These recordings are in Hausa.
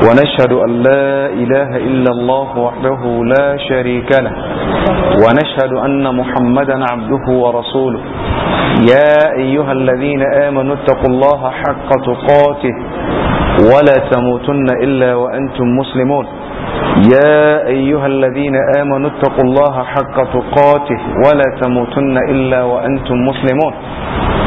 ونشهد أن لا إله إلا الله وحده لا شريك له ونشهد أن محمدا عبده ورسوله يا أيها الذين آمنوا اتقوا الله حق تقاته ولا تموتن إلا وأنتم مسلمون يا أيها الذين آمنوا اتقوا الله حق تقاته ولا تموتن إلا وأنتم مسلمون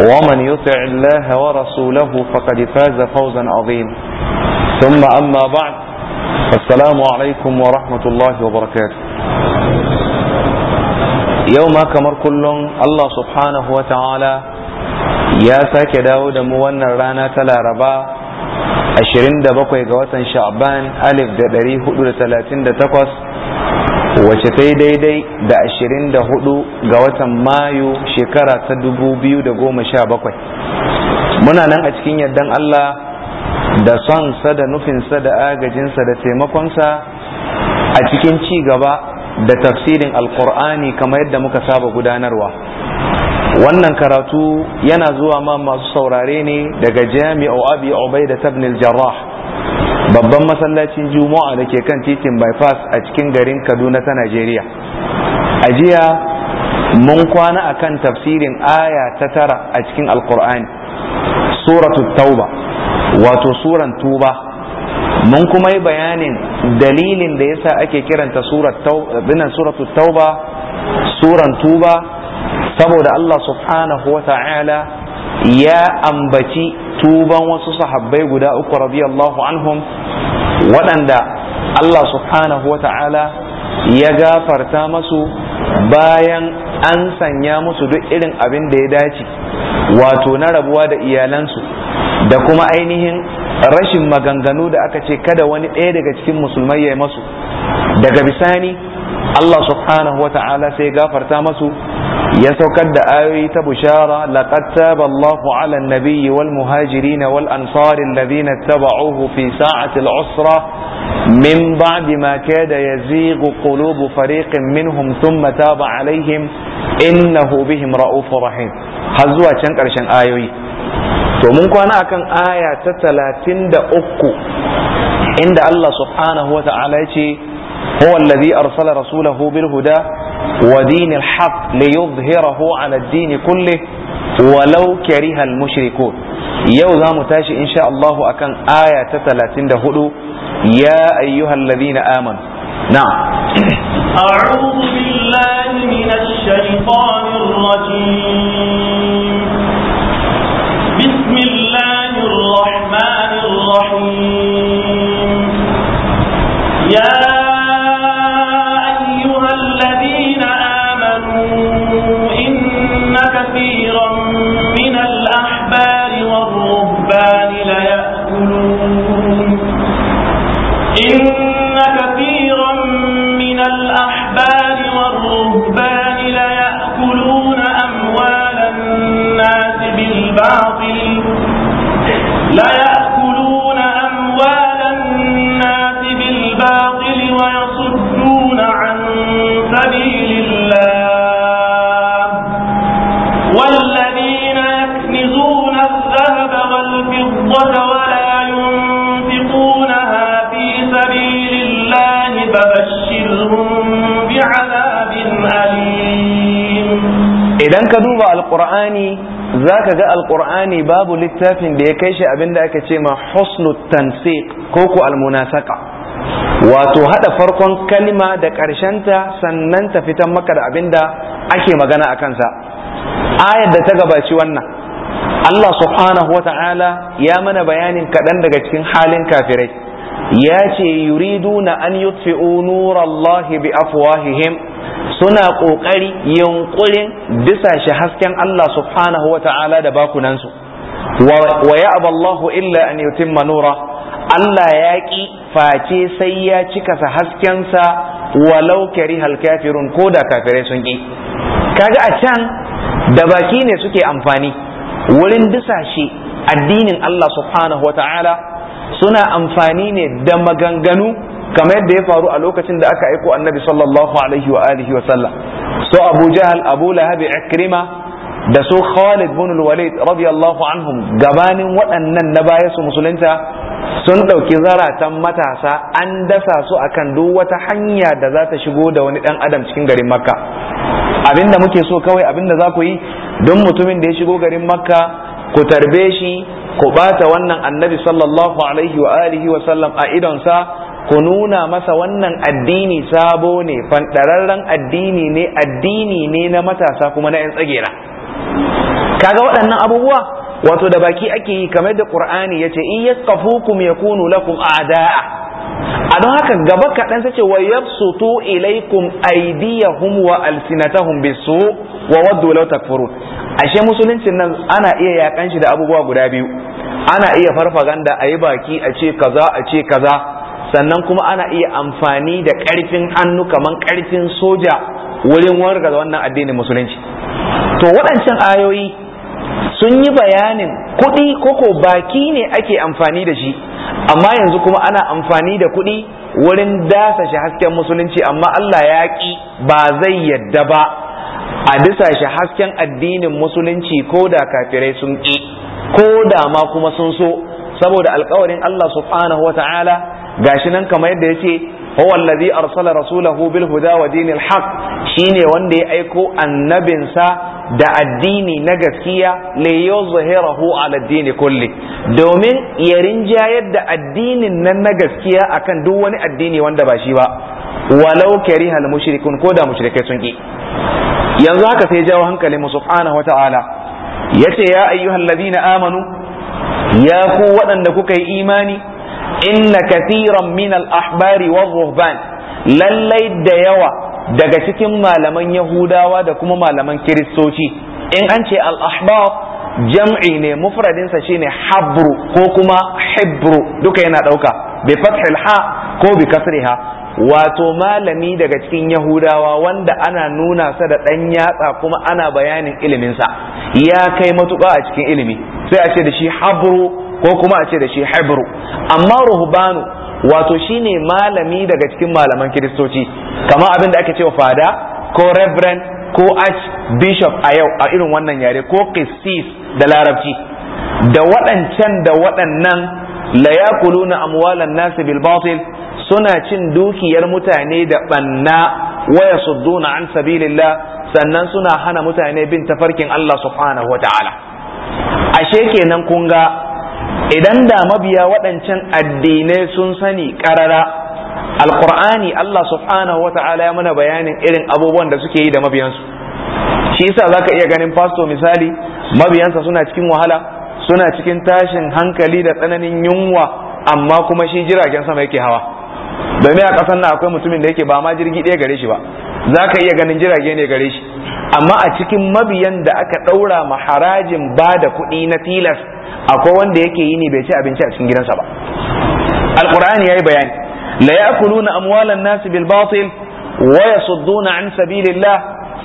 ومن يطع الله ورسوله فقد فاز فوزا عظيما ثم أما بعد السلام عليكم ورحمة الله وبركاته يوم كمر كل الله سبحانه وتعالى يا ساك داود موانا رانا تلا ربا أشرين دبقوا يقوة شعبان ألف دريه 338 wace ta daidai da 24 ga watan mayu shekara ta 2017 muna nan a cikin yardan Allah da son sa da nufinsa da agajinsa da taimakonsa a cikin ci gaba da tafsirin alkur'ani kamar yadda muka saba gudanarwa wannan karatu yana zuwa ma masu saurare ne daga jami'u abi ubaida tabnil jarrah babban masallacin juma'a da ke kan titin bypass a cikin garin kaduna ta najeriya a jiya mun kwana a kan tafsirin aya ta tara a cikin alkur'ani suratu tauba wato suran tuba mun kuma yi bayanin dalilin da yasa ake kiranta suratu tauba suran tuba saboda allah subhanahu wa ta'ala ya ambaci tuban wasu sahabbai guda uku radiyallahu anhum waɗanda Allah subhanahu wata'ala ya gafarta masu bayan an sanya musu duk irin abin da ya dace wato na rabuwa da iyalansu da kuma ainihin rashin maganganu da aka ce kada wani ɗaya daga cikin musulmai ya yi masu daga bisani Allah subhanahu wa ta'ala sai gafarta masu ya saukar da ayoyi ta bushara laqad taba Allahu 'ala an-nabiyyi wal muhajirin wal ansari alladhina tabauhu fi sa'ati al-usra min ba'di ma kada yazighu qulubu fariqin minhum thumma taba 'alayhim innahu bihim ra'ufur rahim har zuwa can karshen ayoyi to mun kwana akan aya ta 33 inda Allah subhanahu wa ta'ala ya ce هو الذي أرسل رسوله بالهدى ودين الحق ليظهره على الدين كله ولو كره المشركون يوزا متاشي إن شاء الله أكن آية تتلاتين دهدو يا أيها الذين آمنوا نعم أعوذ بالله من الشيطان الرجيم بسم الله الرحمن الرحيم يا idan ka duba alqur'ani zaka ga alqur'ani babu littafin da ya kai shi abinda aka ce ma Husnu tansiq ko ku almunasaka wato hada farkon kalma da ta sannan ta fitan maka da abinda ake magana a kansa ayar da ta gabaci wannan Allah subhanahu wa ya mana bayanin kaɗan daga cikin halin kafirai ya ce na an yutfi'u nurallahi bi afwahihim suna ƙoƙari yunƙurin bisa shi hasken Allah subhanahu wa ta'ala da bakunansu wa ya Allahu illa an yutimma nura Allah ya ƙi face sai ya cika sa haskensa walau karihal kafirun ko da kafirai sun ƙi kaga a can da baki ne suke amfani wurin disashe addinin Allah subhanahu wa ta'ala suna amfani ne da maganganu kamar yadda ya faru a lokacin da aka aiko annabi sallallahu alaihi wa alihi wa sallam so abu jahal abu lahab ikrima da su khalid bin walid radiyallahu anhum gabanin waɗannan na baya su musulunta sun ɗauki zaratan matasa an dasa su akan duk wata hanya da za ta shigo da wani ɗan adam cikin garin makka abinda muke so kawai abinda za ku yi don mutumin da ya shigo garin makka ku tarbe shi ku bata wannan annabi sallallahu alaihi wa alihi wa sallam a idonsa ku nuna masa wannan addini sabo ne fanɗararren addini ne addini ne na matasa kuma na 'yan tsagera kaga waɗannan abubuwa wato da baki ake yi kamar da Ƙur'ani ya ce, in ya yakunu lakum a'da'a a don haka gaba kaɗan sace ce wa yabsutu ilaikum aydiyahum wa alsinatahum bisu wa waddu law takfurun ashe musuluncin nan ana iya yakan shi da abubuwa guda biyu ana iya farfaganda a yi baki a ce kaza a ce kaza sannan kuma ana iya amfani da ƙarfin hannu kaman ƙarfin soja wurin warga wannan addinin musulunci to waɗancan ayoyi sun yi bayanin kuɗi koko baki ne ake amfani da shi amma yanzu kuma ana amfani da kuɗi wurin dasa shi hasken musulunci amma Allah ya ƙi ba zai yadda ba a dasa shi hasken addinin musulunci ko da kafirai sun ƙi ko da ma kuma sun so saboda alkawarin Allah subhanahu wa ta'ala gashi nan kamar yadda ya ce huwa allazi arsala rasulahu bil huda wa shine wanda ya aiko annabinsa da addini na gaskiya li yuzhirahu ala addini kulli domin ya rinjayar da addinin nan na gaskiya akan duk wani addini wanda ba shi ba walau karihal mushrikun ko da mushrikai sun ki yanzu haka sai jawo hankalin mu subhanahu wa ta'ala yace ya ayyuhal ladina amanu ya ku waɗanda kuka yi imani inna kathiran min al-ahbari wa ruhban lallai da yawa daga cikin malaman yahudawa da kuma malaman kiristoci in an ce al-ahbar jam'i ne mufradinsa shine habru ko kuma hibru duka yana dauka bi fathil ha ko bi kasriha wato malami daga cikin yahudawa wanda ana nuna sa da ɗan yatsa kuma ana bayanin iliminsa ya kai matuƙa a cikin ilimi sai a ce da shi habru ko kuma a ce da shi hebru amma ruhbanu wato shine malami daga cikin malaman kiristoci kama abin da ake cewa fada ko reverend ko Bishop a yau a irin wannan yare ko qissis da larabci da waɗancan da waɗannan la yakuluna amwalan nasi bil batil suna cin dukiyar mutane da banna waya sudduna an sabilillah sannan suna hana mutane bin tafarkin Allah subhanahu wa ashe kenan kun ga idan da mabiya waɗancan addinai sun sani ƙarara alqur'ani Allah subhanahu wa ya mana bayanin irin abubuwan da suke yi da mabiyansu shi yasa zaka iya ganin fasto misali mabiyansa suna cikin wahala suna cikin tashin hankali da tsananin yunwa amma kuma shi jiragen sama yake hawa domin a kasan nan akwai mutumin da yake ba ma jirgi ɗaya gare shi ba za ka iya ganin jirage ne gare shi amma a cikin mabiyan da aka ɗaura ma harajin ba da kuɗi na tilas akwai wanda yake yi ne bai ci abinci a cikin gidansa ba alƙur'ani ya yi bayani la na amwalan nas bil waya wa yasudduna an sabilillah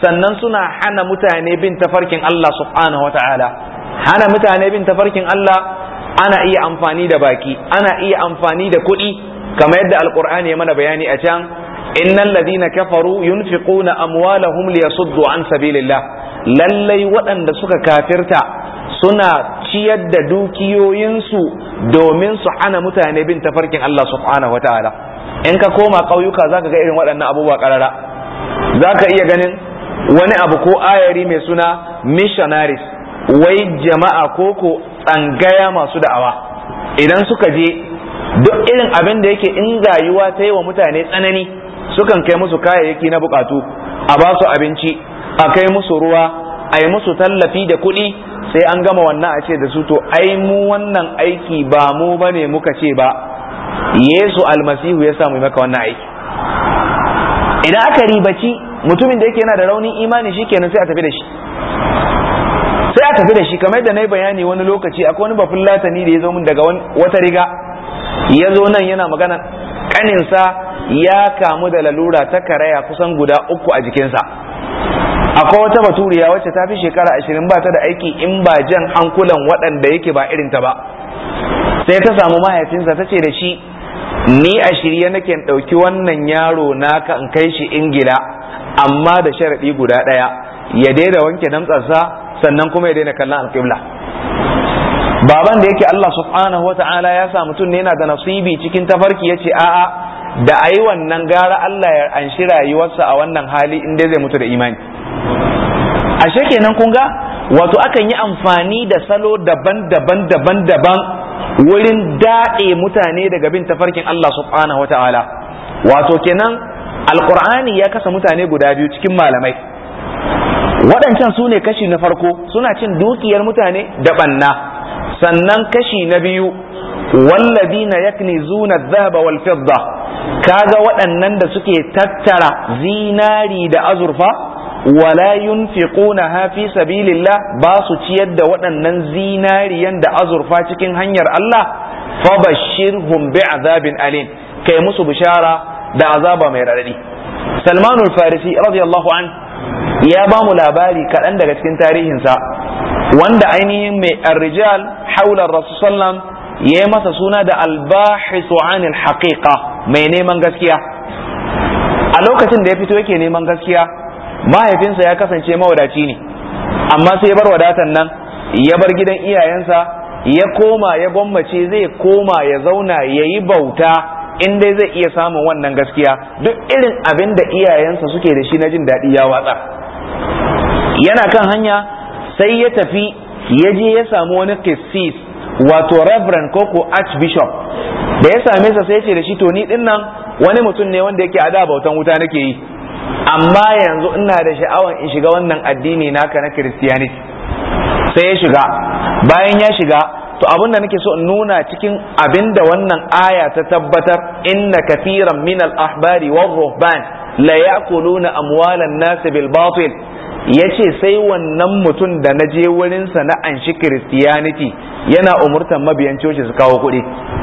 sannan suna hana mutane bin tafarkin Allah subhanahu wataala hana mutane bin tafarkin Allah ana iya amfani da baki ana iya amfani da kuɗi kamar yadda alqur'ani ya mana bayani a can innal ladina kafaru yunfiquna amwalahum liyasuddu an sabilillah lallai waɗanda suka kafirta suna ciyar da dukiyoyinsu domin su hana mutane bin tafarkin Allah subhanahu wataala in ka koma ƙauyuka zaka ga irin waɗannan abubuwa ƙarara zaka iya ganin wani abu ko ayari mai suna missionaries wai jama'a koko tsangaya masu da'awa idan suka je duk irin abin da yake in rayuwa ta yi wa mutane tsanani sukan kai musu kayayyaki na bukatu a ba su abinci a kai musu ruwa a yi musu tallafi da kuɗi sai an gama wannan a ce da su to ai mu wannan aiki ba mu ba ne muka ce ba yesu almasihu ya samu maka wannan aiki idan aka ribaci mutumin da yake yana da raunin imani shi kenan sai a tafi da shi sai a tafi da shi kamar da na yi bayani wani lokaci akwai wani bafin latani da ya zo min daga wata riga ya zo nan yana magana kaninsa ya kamu da lalura ta karaya kusan guda uku a jikinsa akwai wata baturiya wacce ta fi shekara ashirin ba ta da aiki in ba jan hankulan waɗanda yake ba irin ta ba sai ta samu mahaifinsa ta ce da shi ni a shirye nake ɗauki wannan yaro na kan kai shi ingila amma da sharaɗi guda ɗaya ya daina wanke damtsarsa sannan kuma ya daina kallon alƙibla baban da yake Allah subhanahu wata'ala ya sa mutum ne yana da nasibi cikin tafarki yace a'a da a yi wannan gara Allah ya anshi rayuwarsa a wannan hali in dai zai mutu da imani ashe kenan kun ga wato akan yi amfani da salo daban-daban daban-daban wurin daɗe mutane daga bin tafarkin Allah subhanahu wata'ala wato kenan alqur'ani ya kasa mutane guda biyu cikin malamai waɗancan su ne kashi na farko suna cin dukiyar mutane da ɓanna sannan kashi na biyu walladina yaknizuna adh-dhahaba wal fidda kaga waɗannan da suke tattara zinari da azurfa wala yunfiqunaha fi sabilillah ba su ciyar da waɗannan zinariyan da azurfa cikin hanyar Allah fabashshirhum bi'adabin alim kai musu bishara da azaba mai radadi Salman al-Farisi radiyallahu an ya ba mu labari kaɗan daga cikin tarihinsa wanda ainihin mai arrijal haular rasu sallam ya yi masa suna da albahisu anil haqiqa mai neman gaskiya a lokacin da ya fito yake neman gaskiya mahaifinsa ya kasance mawadaci ne amma sai ya bar wadatan nan ya bar gidan iyayensa ya koma ya gwammace zai koma ya zauna ya yi bauta in dai zai iya samun wannan gaskiya duk irin abin da iyayensa suke da shi na jin daɗi ya watsa yana kan hanya sai ya tafi ya je ya samu wani qissis wato reverend ko ko archbishop da ya same sa sai ce da shi to ni din nan wani mutum ne wanda yake ada bautan wuta nake yi amma yanzu ina da sha'awar in shiga wannan addini naka na christianity sai ya shiga bayan ya shiga to abin da nake so in nuna cikin abin da wannan aya ta tabbatar inna kathiran min al-ahbari wa ruhban la ya'kuluna amwalan nas bil batil yace sai wannan mutum da na je wurin sa na anshi christianity yana umurtan mabiyan coci su kawo kuɗi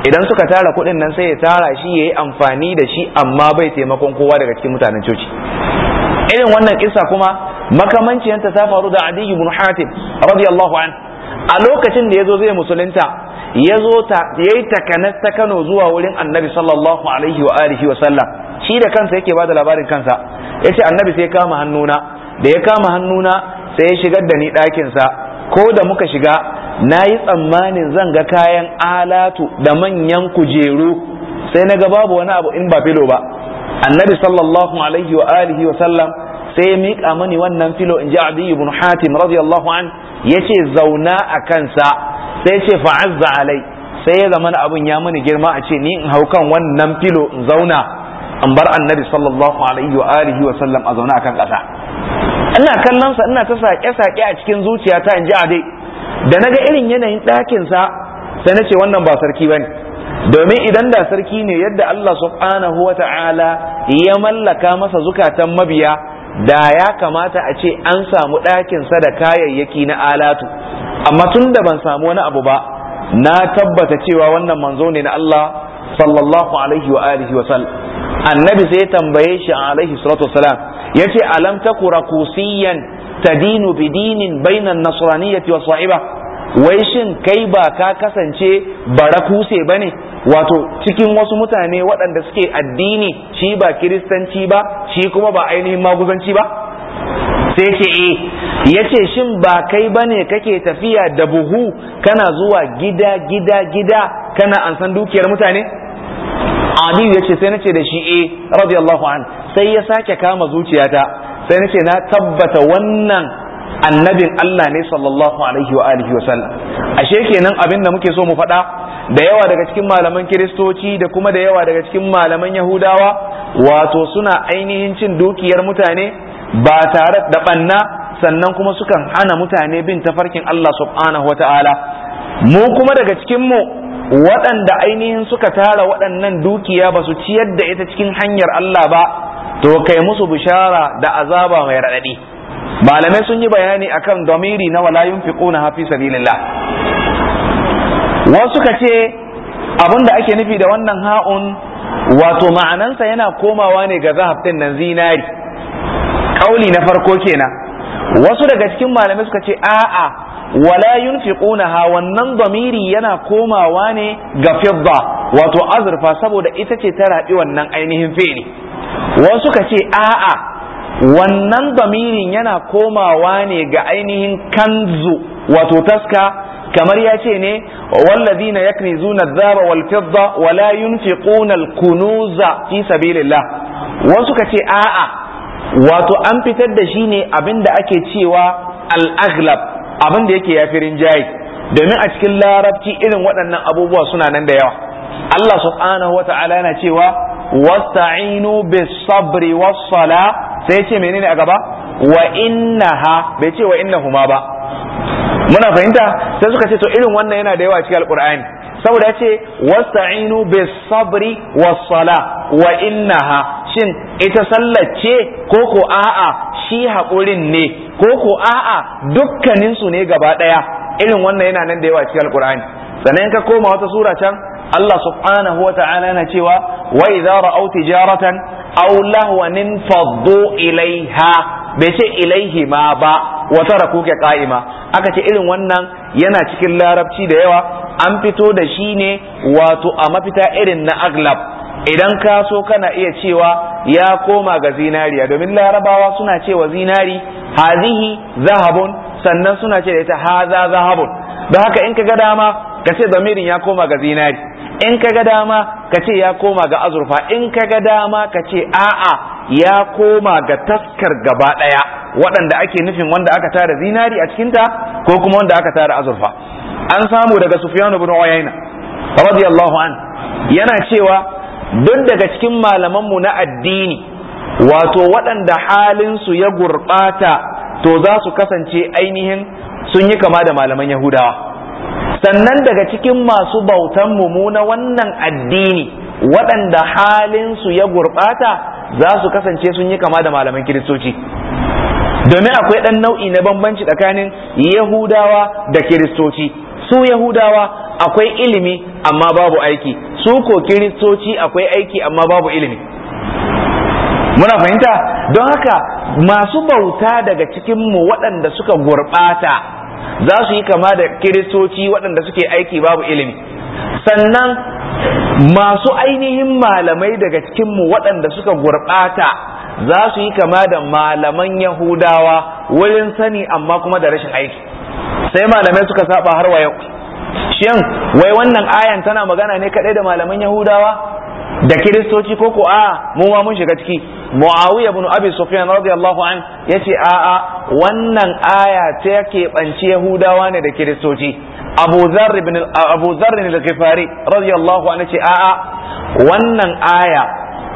idan suka tara kuɗin nan sai ya tara shi yayi amfani da shi amma bai taimakon kowa daga cikin mutanen coci irin wannan kisa kuma makamanciyanta ta faru da Adi ibn Hatim radiyallahu anhu a lokacin da ya zo zai musulunta ya zo ta ya yi ta kano zuwa wurin annabi sallallahu alaihi wa alihi wa sallam shi da kansa yake bada labarin kansa ya ce annabi sai kama hannuna da ya kama hannuna sai ya shigar da ni ɗakinsa ko da muka shiga na yi tsammanin zan ga kayan alatu da manyan kujeru sai na ga babu wani abu in ba filo ba annabi sallallahu alaihi wa alihi wa sallam sai ya miƙa mani wannan filo in ji adi ibn hatim radiyallahu an ya ce zauna a kansa sai ce fa'azza alai sai ya zama abin ya mani girma a ce ni in hau kan wannan filo in zauna an bar annabi sallallahu alaihi wa alihi wa sallam a zauna akan ƙasa ina kallon ina ta saƙe-saƙe a cikin zuciyata in ji adi da naga irin yanayin ɗakin sa sai na ce wannan ba sarki bane domin idan da sarki ne yadda Allah subhanahu wa ta'ala ya mallaka masa zukatan mabiya da ya kamata a ce an samu ɗakin sa da kayayyaki na alatu amma tun da ban samu wani abu ba na tabbata cewa wannan manzo ne na Allah sallallahu alaihi wa alihi wa sallam annabi sai ya tambaye shi alaihi salatu wasalam yace alam taku rakusiyan tadinu bidinin bainan nasraniyyati wa sa'iba wai shin kai ba ka kasance bara kuse ba ne wato cikin wasu mutane waɗanda suke addini shi ba kiristanci ba shi kuma ba ainihin maguzanci ba sai ce e eh. ya ce shin ba kai ba ne kake tafiya da buhu kana zuwa gida gida gida kana ansan dukiyar mutane Aliyu ya ce sai na ce da shi e radiyallahu an sai ya sake kama zuciyata sai na ce na tabbata wannan annabin Allah ne sallallahu alaihi wa alihi wa sallam ashe kenan abin da muke so mu faɗa da yawa daga cikin malaman kiristoci da kuma da yawa daga cikin malaman yahudawa wato suna ainihin cin dukiyar mutane ba tare da banna sannan kuma sukan hana mutane bin tafarkin Allah subhanahu wa ta'ala mu kuma daga cikin mu waɗanda ainihin suka tara waɗannan dukiya ba su ciyar da ita cikin hanyar Allah ba to kai musu bishara da azaba mai raɗaɗi malamai sun yi bayani akan domiri na wala yunfiquna hafi sabilillah wasu ka ce abin da ake nufi da wannan ha'un wato ma'anansa yana komawa ne ga zahabtin nan zinari Ƙauli na farko kenan wasu daga cikin malamai suka ce a'a wala yunfiquna ha wannan domiri yana komawa ne ga fidda wato azurfa saboda ita ce ta rabi wannan ainihin fi'li wasu ka ce a'a wannan damirin yana komawa ne ga ainihin kanzu wato taska kamar ya ce ne wallazina yaknizuna adh wal fidda kunuza fi sabilillah wasu ka ce a'a wato an fitar da shi ne abinda ake cewa al-aghlab abinda yake yafi rinjaye domin a cikin larabci irin waɗannan abubuwa suna nan da yawa Allah subhanahu wa ta'ala yana cewa wasta'inu bis sabri was sala sai ce menene a gaba wa innaha bai ce wa innahuma ba muna fahimta sai suka ce to irin wannan yana da yawa cikin alqur'ani saboda yace ce wasta'inu bis sabri was sala wa innaha shin ita sallace ko ko a'a shi haƙurin ne ko ko a'a dukkaninsu ne gaba ɗaya irin wannan yana nan da yawa cikin alqur'ani sannan ka koma wata sura can Allah subhanahu wa ta'ala na cewa wa idza ra'aw tijaratan aw lahwan faddu ilaiha bai ce ilaihi ma ba wa ka qa'ima aka ce irin wannan yana cikin larabci da yawa an fito da shi ne wato a mafita irin na aglab idan ka so kana iya cewa ya koma ga zinariya domin larabawa suna cewa zinari hazihi zahabun sannan suna ce da ita haza zahabun don haka in ka ga dama ka ce damirin ya koma ga zinari in ka ga dama ka ce ya koma ga azurfa in ka ga dama ka ce a'a ya koma ga taskar gaba ɗaya waɗanda ake nufin wanda aka tara zinari a cikinta ko kuma wanda aka tara azurfa an samu daga sufyan ibn uyayna radiyallahu an yana cewa duk daga cikin malamanmu na addini wato waɗanda su ya gurɓata to za su kasance ainihin sun yi kama da malaman yahudawa sannan daga cikin masu bautan mu na wannan addini waɗanda halinsu ya gurɓata za su kasance sun yi kama da malaman kiristoci domin akwai ɗan nau'i na bambanci tsakanin yahudawa da kiristoci su yahudawa akwai ilimi amma babu aiki su ko kiristoci akwai aiki amma babu ilimi muna fahimta don haka masu bauta daga cikinmu waɗanda suka gurɓata za su yi kama da kiristoci waɗanda suke aiki babu ilimi sannan masu ainihin malamai daga cikinmu waɗanda suka gurɓata za su yi kama da malaman yahudawa wurin sani amma kuma da rashin aiki sai malamai suka saba har wa yau shin wai wannan ayan tana magana ne kaɗai da malaman yahudawa da kiristoci ko ko a ah, mu ma mun shiga ciki muawiya ibn abi sufyan radiyallahu an yace a a wannan aya ta yake banci yahudawa ne da kiristoci abu dharr ibn abu dharr al-ghifari radiyallahu an yace a a wannan aya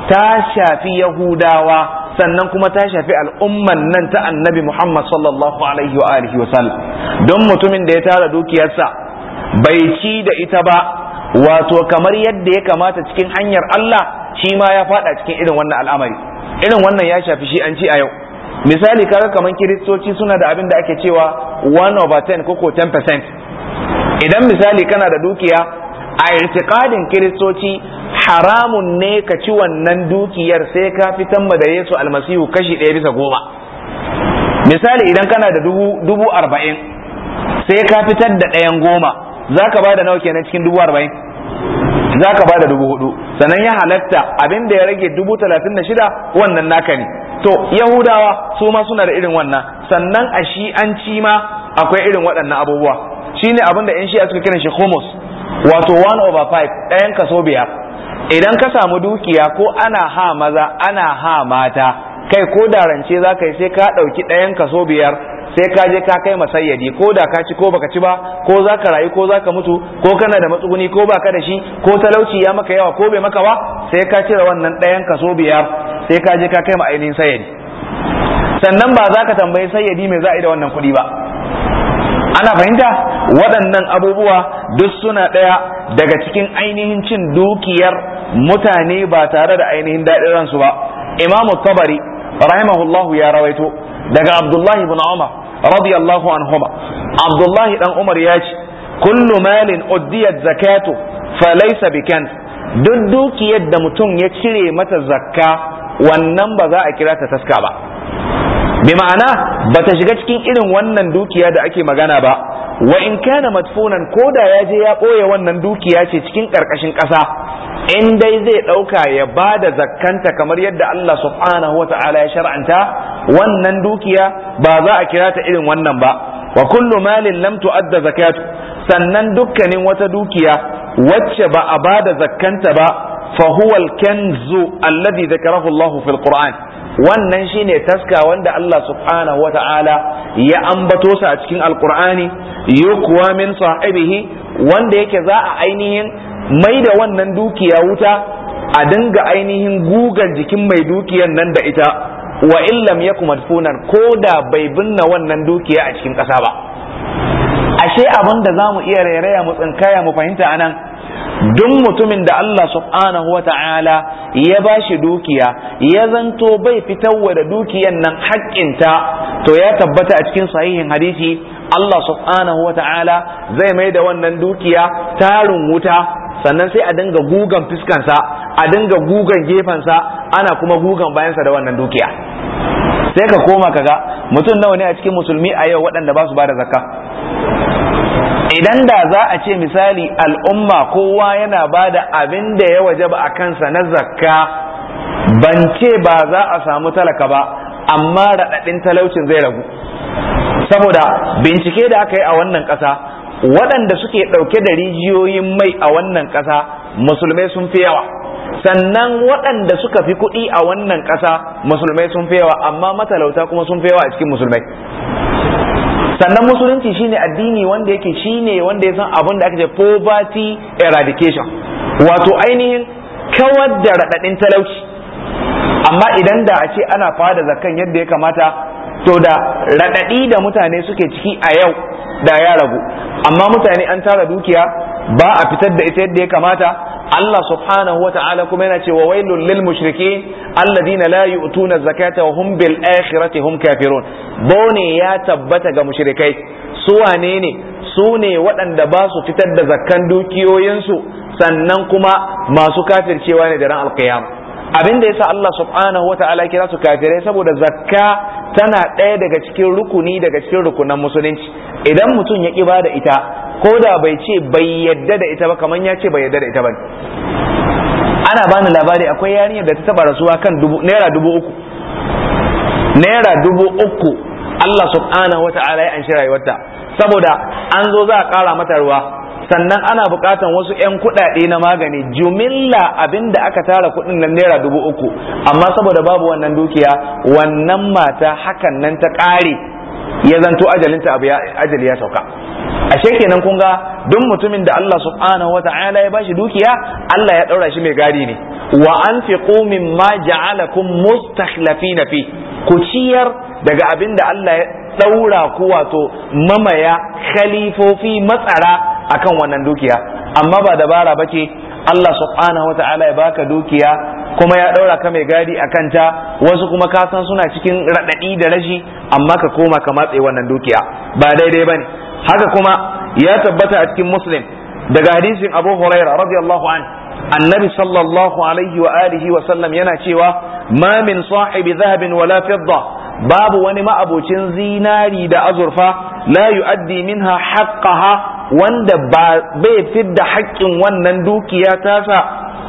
ta shafi yahudawa sannan kuma ta shafi al'umman nan ta annabi Muhammad sallallahu alaihi wa alihi wa sallam don mutumin da ya tara dukiyarsa bai ci da ita ba wato kamar yadda ya kamata cikin hanyar Allah shi ma ya fada cikin irin wannan al'amari irin wannan ya shafi shi an ci a yau misali kaga kamar kiristoci suna da abin da ake cewa 1 over 10 ko 10% idan misali kana da dukiya a irtiqadin kiristoci haramun ne ka ci wannan dukiyar sai ka fitan da Yesu almasihu kashi ɗaya bisa goma misali idan kana da dubu arba'in sai ka fitar da ɗayan goma za ka bada nawa kenan cikin dubu arba'in za ka bada dubu hudu sannan ya halatta abinda ya rage dubu talatin da shida wannan naka ne to yahudawa su ma suna da irin wannan sannan a shi'anci ma akwai irin waɗannan abubuwa shine abin da yan shi'a suka kiran shi humus wato one over five ɗayan kaso biyar idan ka samu dukiya ko ana ha maza ana ha mata kai ko darance za ka yi sai ka ɗauki ɗayan kaso biyar sai ka je ka kai masayyadi ko da ka ci ko baka ci ba ko za ka rayu ko za ka mutu ko kana da matsuguni ko baka da shi ko talauci ya maka yawa ko bai maka ba sai ka cire wannan ɗayan kaso biyar sai ka je ka kai ma ainihin sayyadi sannan ba za ka tambayi sayyadi mai za a yi da wannan kuɗi ba ana fahimta waɗannan abubuwa duk suna ɗaya daga cikin ainihin cin dukiyar mutane ba tare da ainihin daɗin ransu ba imamu tabari rahimahullahu ya rawaito daga abdullahi ibn umar radiyallahu anhuma abdullahi ɗan umar ya ce kullu malin uddiyat zakatu falaysa bikan duk dukiyar da mutum ya cire mata zakka wannan ba za a kira ta taska ba bi ma'ana ba ta shiga cikin irin wannan dukiya da ake magana ba wa in kana madfunan da ya je ya ɓoye wannan dukiya ce cikin ƙarƙashin ƙasa in dai zai ɗauka ya ba da zakkanta kamar yadda Allah subhanahu wa ta'ala ya shar'anta wannan dukiya ba za a kira ta irin wannan ba wa kullu malin lam tu'adda zakatu sannan dukkanin wata dukiya wacce ba a ba da zakkanta ba fa huwa al-kanzu alladhi zakarahu Allah fil Qur'an wannan shine taska wanda Allah subhanahu wa ta'ala ya ambato sa a cikin alkur'ani yukuwa min sahibihi wanda yake za a ainihin mai da wannan dukiya wuta a dinga ainihin gugan jikin mai dukiyan nan da ita wa illam yakum madfunan ko da bai binne wannan dukiya a cikin ƙasa ba ashe abin da za iya rairaya mu tsinkaya mu fahimta anan duk mutumin da Allah subhanahu wa ta'ala ya ba shi dukiya ya zanto bai fitarwa da dukiyan nan haƙƙinta to ya tabbata a cikin sahihin hadisi Allah subhanahu wa ta'ala zai mai da wannan dukiya tarin wuta sannan sai a dinga gugan fiskansa a dinga gugan gefensa ana kuma gugan bayansa da wannan dukiya sai ka koma kaga mutum nawa ne a cikin musulmi a yau waɗanda ba su ba da zakka idan da za a ce misali al'umma kowa yana ba da abin da ya wajaba a kansa na zakka ban ce ba za a samu talaka ba amma raɗaɗin talaucin zai ragu saboda bincike da aka yi a wannan ƙasa waɗanda suke ɗauke da rijiyoyin mai a wannan ƙasa musulmai sun fi yawa sannan waɗanda suka fi kuɗi a wannan ƙasa musulmai sun fi yawa amma matalauta kuma sun fi yawa a cikin musulmai sannan musulunci shine addini wanda yake shine wanda ya san abin da aka ce poverty eradication wato ainihin kawar da raɗaɗin talauci amma idan da a ce ana da zakan yadda ya kamata to da raɗaɗi da mutane suke ciki a yau da ya ragu amma mutane an tara dukiya ba a fitar da ita yadda ya kamata Allah subhanahu wa ta'ala kuma yana cewa wai lil mushriki alladina la yu'tuna zakata wa hum bil akhirati hum kafirun bone ya tabbata ga mushrikai su wane ne su ne waɗanda ba su fitar da zakkan dukiyoyinsu sannan kuma masu kafircewa ne da ran alqiyama abin da yasa Allah subhanahu wata'ala kira su kafirai saboda zakka tana ɗaya daga cikin rukuni daga cikin rukunan musulunci idan mutum ya ƙi da ita ko da bai ce bai yadda da ita ba kamar ya ce bai yadda da ita ba ana bani labari akwai yarinyar da ta taba rasuwa kan naira dubu uku naira dubu uku Allah subhanahu wata'ala ya anshi rayuwarta saboda an zo za a kara mata ruwa sannan ana bukatan wasu 'yan kuɗaɗe na magani jumilla abin da aka tara kuɗin nan naira dubu uku amma saboda babu wannan dukiya wannan mata hakan nan ta kare ya zanto ajalinta abu ya ajali ya sauka A kenan kun ga duk mutumin da Allah subhanahu wa ta'ala ya bashi dukiya Allah ya ɗaura shi mai gadi ne wa anfiqu mimma ja'alakum mustakhlifina fi ku ciyar daga abin da Allah ya ɗaura ku wato mamaya khalifofi matsara akan wannan dukiya amma ba dabara ba ke. Allah subhanahu wata'ala ya baka dukiya kuma ya ɗaura ka mai gadi a kanta wasu kuma ka san suna cikin raɗaɗi da rashi amma ka koma ka matse wannan dukiya ba daidai bane haka kuma ya tabbata a cikin muslim daga hadisin abu huraira radiyallahu an annabi sallallahu alaihi wa alihi wa sallam yana cewa ma min sahibi zahabin wala fidda babu wani ma'abocin zinari da azurfa la yu'addi minha haqqaha wanda ba bai fidda haƙƙin wannan dukiya ta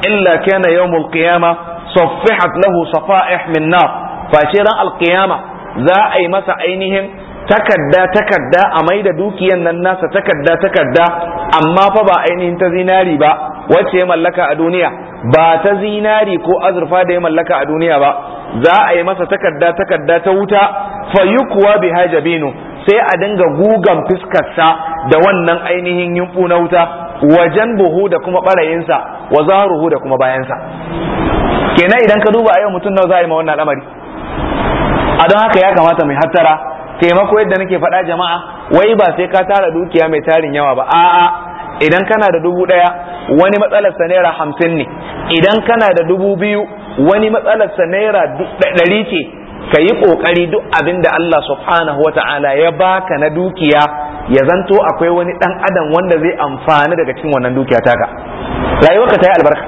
illa kana yawmul qiyama saffihat lahu safa'ih min nar face ran alqiyama za a yi masa ainihin takadda takadda a mai da dukiyan nan nasa takadda takadda amma fa ba ainihin ta zinari ba wacce ya mallaka a duniya ba ta zinari ko azurfa da ya mallaka a duniya ba za a yi masa takarda takarda ta wuta fa yukwa biha sai a dinga gugan fiskarsa da wannan ainihin yunfu na wuta wajen buhu da kuma barayinsa wa zaruhu da kuma bayansa kenan idan ka duba a yau mutum nawa za a yi ma wannan al'amari a don haka ya kamata mai hattara taimako yadda nake faɗa jama'a wai ba sai ka tara dukiya mai tarin yawa ba a'a idan kana da dubu ɗaya wani matsalarsa naira hamsin ne idan kana da dubu biyu wani matsalarsa naira ɗari ce ka yi ƙoƙari duk abin da Allah subhanahu wa ta'ala ya baka na dukiya ya zanto akwai wani ɗan adam wanda zai amfani daga cikin wannan dukiya taka rayuwarka ta yi albarka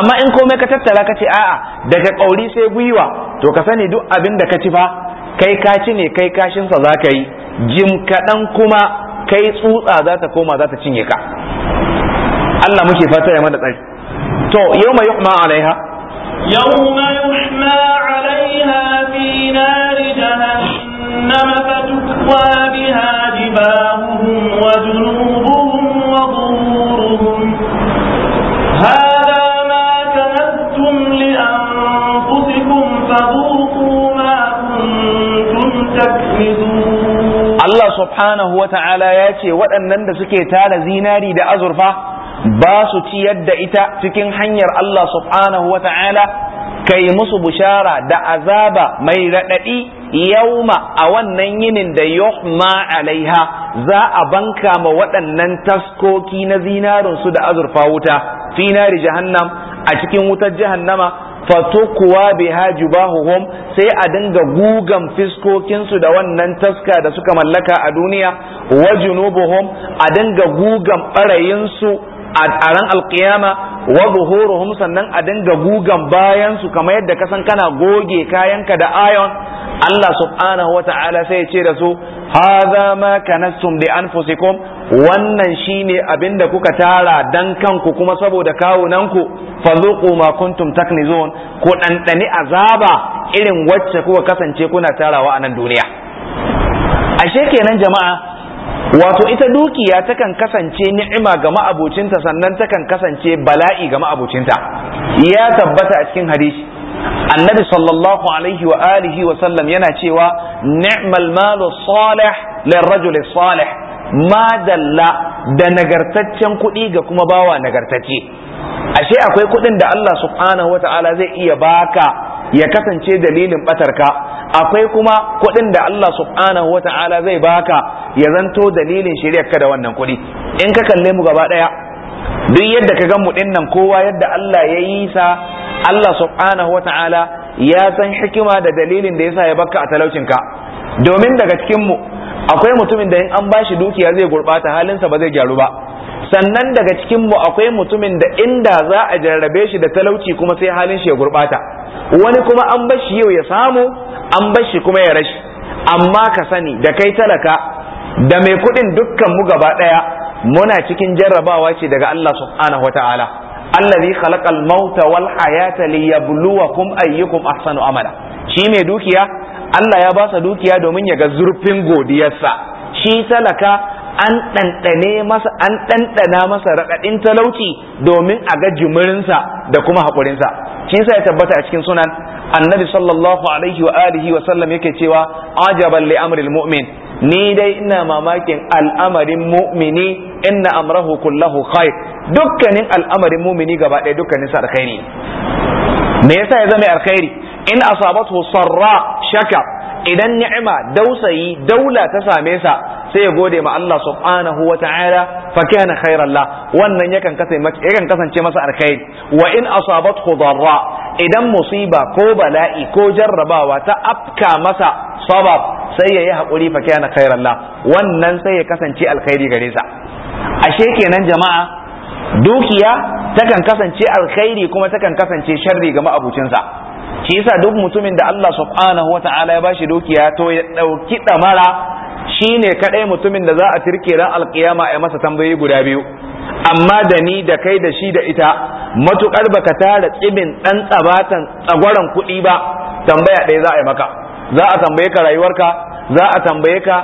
amma in komai ka tattara ka ce a'a daga kauri sai gwiwa to ka sani duk abin da ka ci fa kai ka ci ne kai kashinsa za ka yi jim kaɗan kuma kai tsutsa za ta koma za ta cinye ka Allah muke fata ya mana tsari to yau mai yuhma alaiha يوم يحمى عليها في نار جهنم فتكوى بها جباههم وجنوبهم subhanahu wa ta'ala ya ce waɗannan da suke tara zinari da azurfa ba su ciyar da ita cikin hanyar Allah subhanahu wa ta'ala kai musu bushara da azaba mai raɗaɗi yauma a wannan yinin da yuhma alaiha za a banka ma waɗannan taskoki na zinarinsu da azurfa wuta finari jahannam a cikin wutar jahannama fatukuwa biha jubahuhum sai a dinga gugan fiskokinsu da wannan taska da suka mallaka a duniya wa junubuhum a dinga gugan barayinsu a ran alkiyama wa zuhuruhum sannan a dinga gugan bayan su kamar yadda ka san kana goge kayanka da ayon Allah subhanahu wa ta'ala sai ya ce da su hadha ma kanastum li anfusikum wannan shine abinda kuka tara dan kanku kuma saboda kawunan ku fazuqu ma kuntum taknizun ku dandani azaba irin wacce kuka kasance kuna tarawa a nan duniya ashe kenan jama'a wato ita dukiya takan kasance ni'ima ga ma'abocinta sannan takan kasance bala'i ga ma'abocinta ya tabbata a cikin hadisi annabi sallallahu alaihi wa alihi wa sallam yana cewa ni'mal malu salih lirrajul salih ma dalla da nagartaccen kuɗi ga kuma bawa nagartacce ashe akwai kuɗin da Allah subhanahu wata'ala zai iya baka ya kasance dalilin batarka akwai kuma kuɗin da Allah subhanahu wa ta'ala zai baka ya zanto dalilin shirya ka da wannan kuɗi in ka kalle mu gaba ɗaya duk yadda ka gan mu ɗin kowa yadda Allah ya yi sa Allah subhanahu wa ta'ala ya san hikima da dalilin da yasa ya baka a talaucin ka domin daga cikin mu akwai mutumin da in an bashi dukiya zai gurɓata halinsa ba zai gyaru ba sannan daga cikin mu akwai mutumin da inda za a jarrabe shi da talauci kuma sai halin shi ya gurbata wani kuma an bar shi yau ya samu an bar shi kuma ya rashi amma ka sani da kai talaka da mai kudin dukkan mu gaba daya muna cikin jarrabawa ce daga Allah subhanahu wataala allazi khalaqal mauta wal hayata liyabluwakum ayyukum ahsanu amala shi mai dukiya Allah ya ba sa dukiya domin ya ga zurfin godiyarsa shi talaka an ɗanɗane masa an ɗanɗana masa raɗaɗin talauci domin a ga jimirinsa da kuma haƙurinsa shi sa ya tabbata a cikin sunan annabi sallallahu alaihi wa alihi wa sallam yake cewa ajaban li amril mu'min ni dai ina mamakin al'amarin mu'mini inna amrahu kullahu khair dukkanin al'amarin mu'mini gaba ɗaya dukkanin sa alkhairi me yasa ya zama alkhairi in asabathu sarra shakar idan ni'ima dausayi daula ta same sa sai ya gode ma Allah subhanahu wa ta'ala fa kana khairan la wannan yakan kasance yakan kasance masa alkhairi wa in asabathu darra idan musiba ko bala'i ko jarrabawa ta afka masa sabab sai ya yi hakuri fa kana khairan la wannan sai ya kasance alkhairi gare sa ashe kenan jama'a dukiya takan kasance alkhairi kuma takan kasance sharri ga ma'abucinsa shi yasa duk mutumin da Allah subhanahu ta'ala ya bashi dukiya to ya dauki damara shi ne kaɗai mutumin da za a tirke ran alkiyama a masa tambayi guda biyu amma da ni da kai da shi da ita matukar baka tara tsibin ɗan tsabatan tsagwaron kuɗi ba tambaya ɗaya za a yi maka za a tambaye ka rayuwarka za a tambaye ka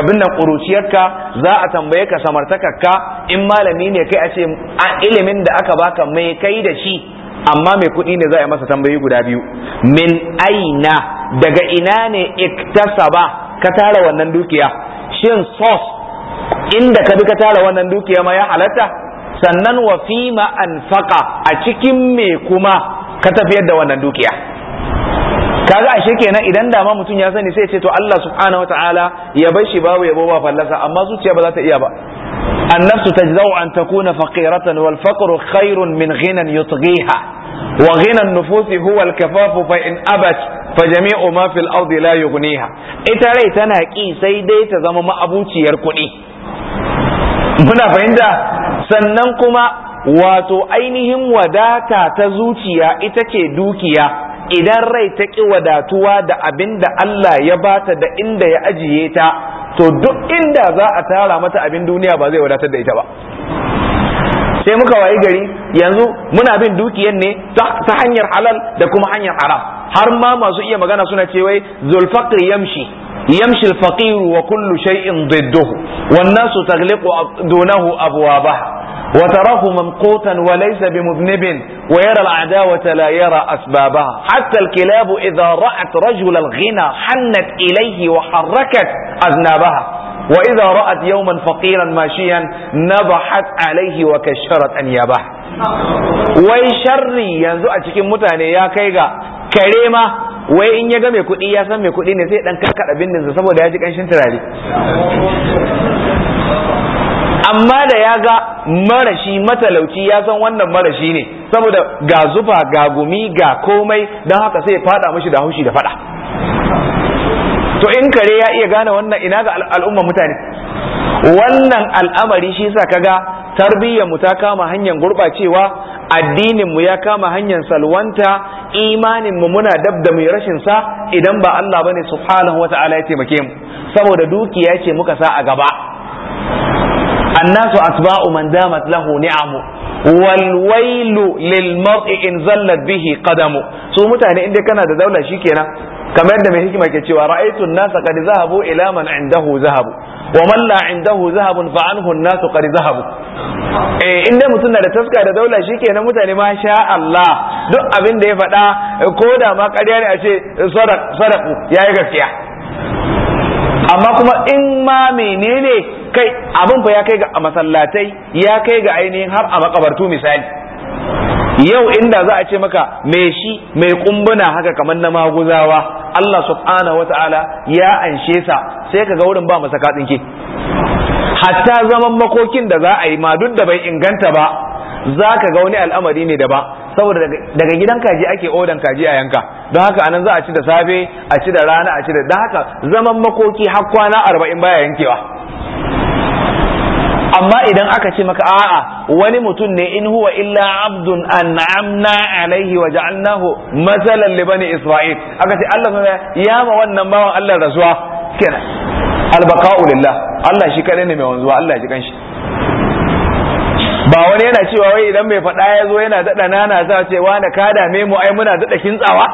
abin nan ƙuruciyarka za a tambaye ka samartakarka in malami ne kai a ce ilimin da aka baka mai kai da shi amma mai kuɗi ne za a yi masa tambayi guda biyu min aina daga ina ne iktasaba ka tara wannan dukiya shin SOS inda ka bi ka tara wannan dukiya ma ya halatta sannan wa fima anfaqa a cikin me kuma ka tafiyar da wannan dukiya kaga ashe kenan idan dama mutum ya sani sai ce to Allah subhanahu wataala ya bar shi babu yabo ba fallasa amma zuciya ba za ta iya ba النفس تجزع أن تكون فقيرة والفقر خير من غنى يطغيها وغنى النفوس هو الكفاف فإن أبت فجميع ما في الأرض لا يغنيها إتا أنا كي سيدي تزم ما أبوتي يركني هنا فإن سننكما kuma أينهم ainihin wadata ta zuciya دوكيا idan rai ta ƙi wadatuwa da abin da Allah ya bata da inda ya ajiye ta to duk inda za a tara mata abin duniya ba zai wadatar da ita ba sai muka wayi gari yanzu muna bin dukiyar ne ta hanyar halal da kuma hanyar haram har ma masu iya magana suna ce wai zulfaqir yamshi يمشي الفقير وكل شيء ضده والناس تغلق دونه أبوابها وتراه ممقوتا وليس بمذنب ويرى العداوة لا يرى أسبابها حتى الكلاب إذا رأت رجل الغنى حنت إليه وحركت أذنابها وإذا رأت يوما فقيرا ماشيا نبحت عليه وكشرت أنيابها آه. ويشري ينزو أتكي متاني يا كيغا كريمة wai in ya ga mai kuɗi ya san mai kuɗi ne sai dan karkada bindinsa saboda ya ji kanshin turare amma da ya ga marashi matalauci ya san wannan marashi ne saboda ga zufa ga gumi ga komai don haka sai fada mashi da haushi da fada to in kare ya iya gane wannan ina ga al'umma mutane wannan al'amari shi sa kaga tarbiyyar mu ta kama hanyar gurɓacewa addininmu ya kama hanyar salwanta imaninmu muna dab da mai rashin sa idan ba Allah bane subhanahu wata'ala ya taimake mu saboda dukiya ce muka sa a gaba annasu asba'u man damat lahu ni'amu wal wailu lil mar'i in zallat bihi qadamu su mutane inda kana da daula shikenan kamar yadda mai hikima ke cewa ra'aytu an-nasa qad zahabu ila man indahu zahabu wa man la indahu zahabun fa anhu an-nasu qad zahabu eh inda mutum na da taska da daula shikenan mutane ma sha Allah duk abin da ya faɗa ko da ma ƙarya ne a ce sadaku yayi gaskiya amma kuma in ma menene kai abin fa ya kai ga masallatai ya kai ga ainihin har a makabartu misali yau inda za a ce maka me shi mai kumbuna haka kamar na maguzawa Allah subhanahu ta'ala ya anshe sa sai ga wurin ba masa katsinke hatta zaman makokin da za a yi ma duk da bai inganta ba za ka ga wani al'amari ne da ba saboda daga gidan kaji ake odan kaji a yanka don haka anan za a ci da safe a ci da rana a ci da don haka zaman makoki har kwana arba'in baya yankewa amma idan aka ce maka a'a wani mutum ne in huwa illa abdun an'amna alaihi wa ja'alnahu masalan li bani isra'il aka ce Allah ya ma wannan bawan Allah rasuwa kenan albaqa'u lillah Allah shi kare ne mai wanzuwa Allah ya ji kanshi ba wani yana cewa wai idan mai faɗa ya zo yana daɗa nana za ce na ka dame mu ai muna daɗa kintsawa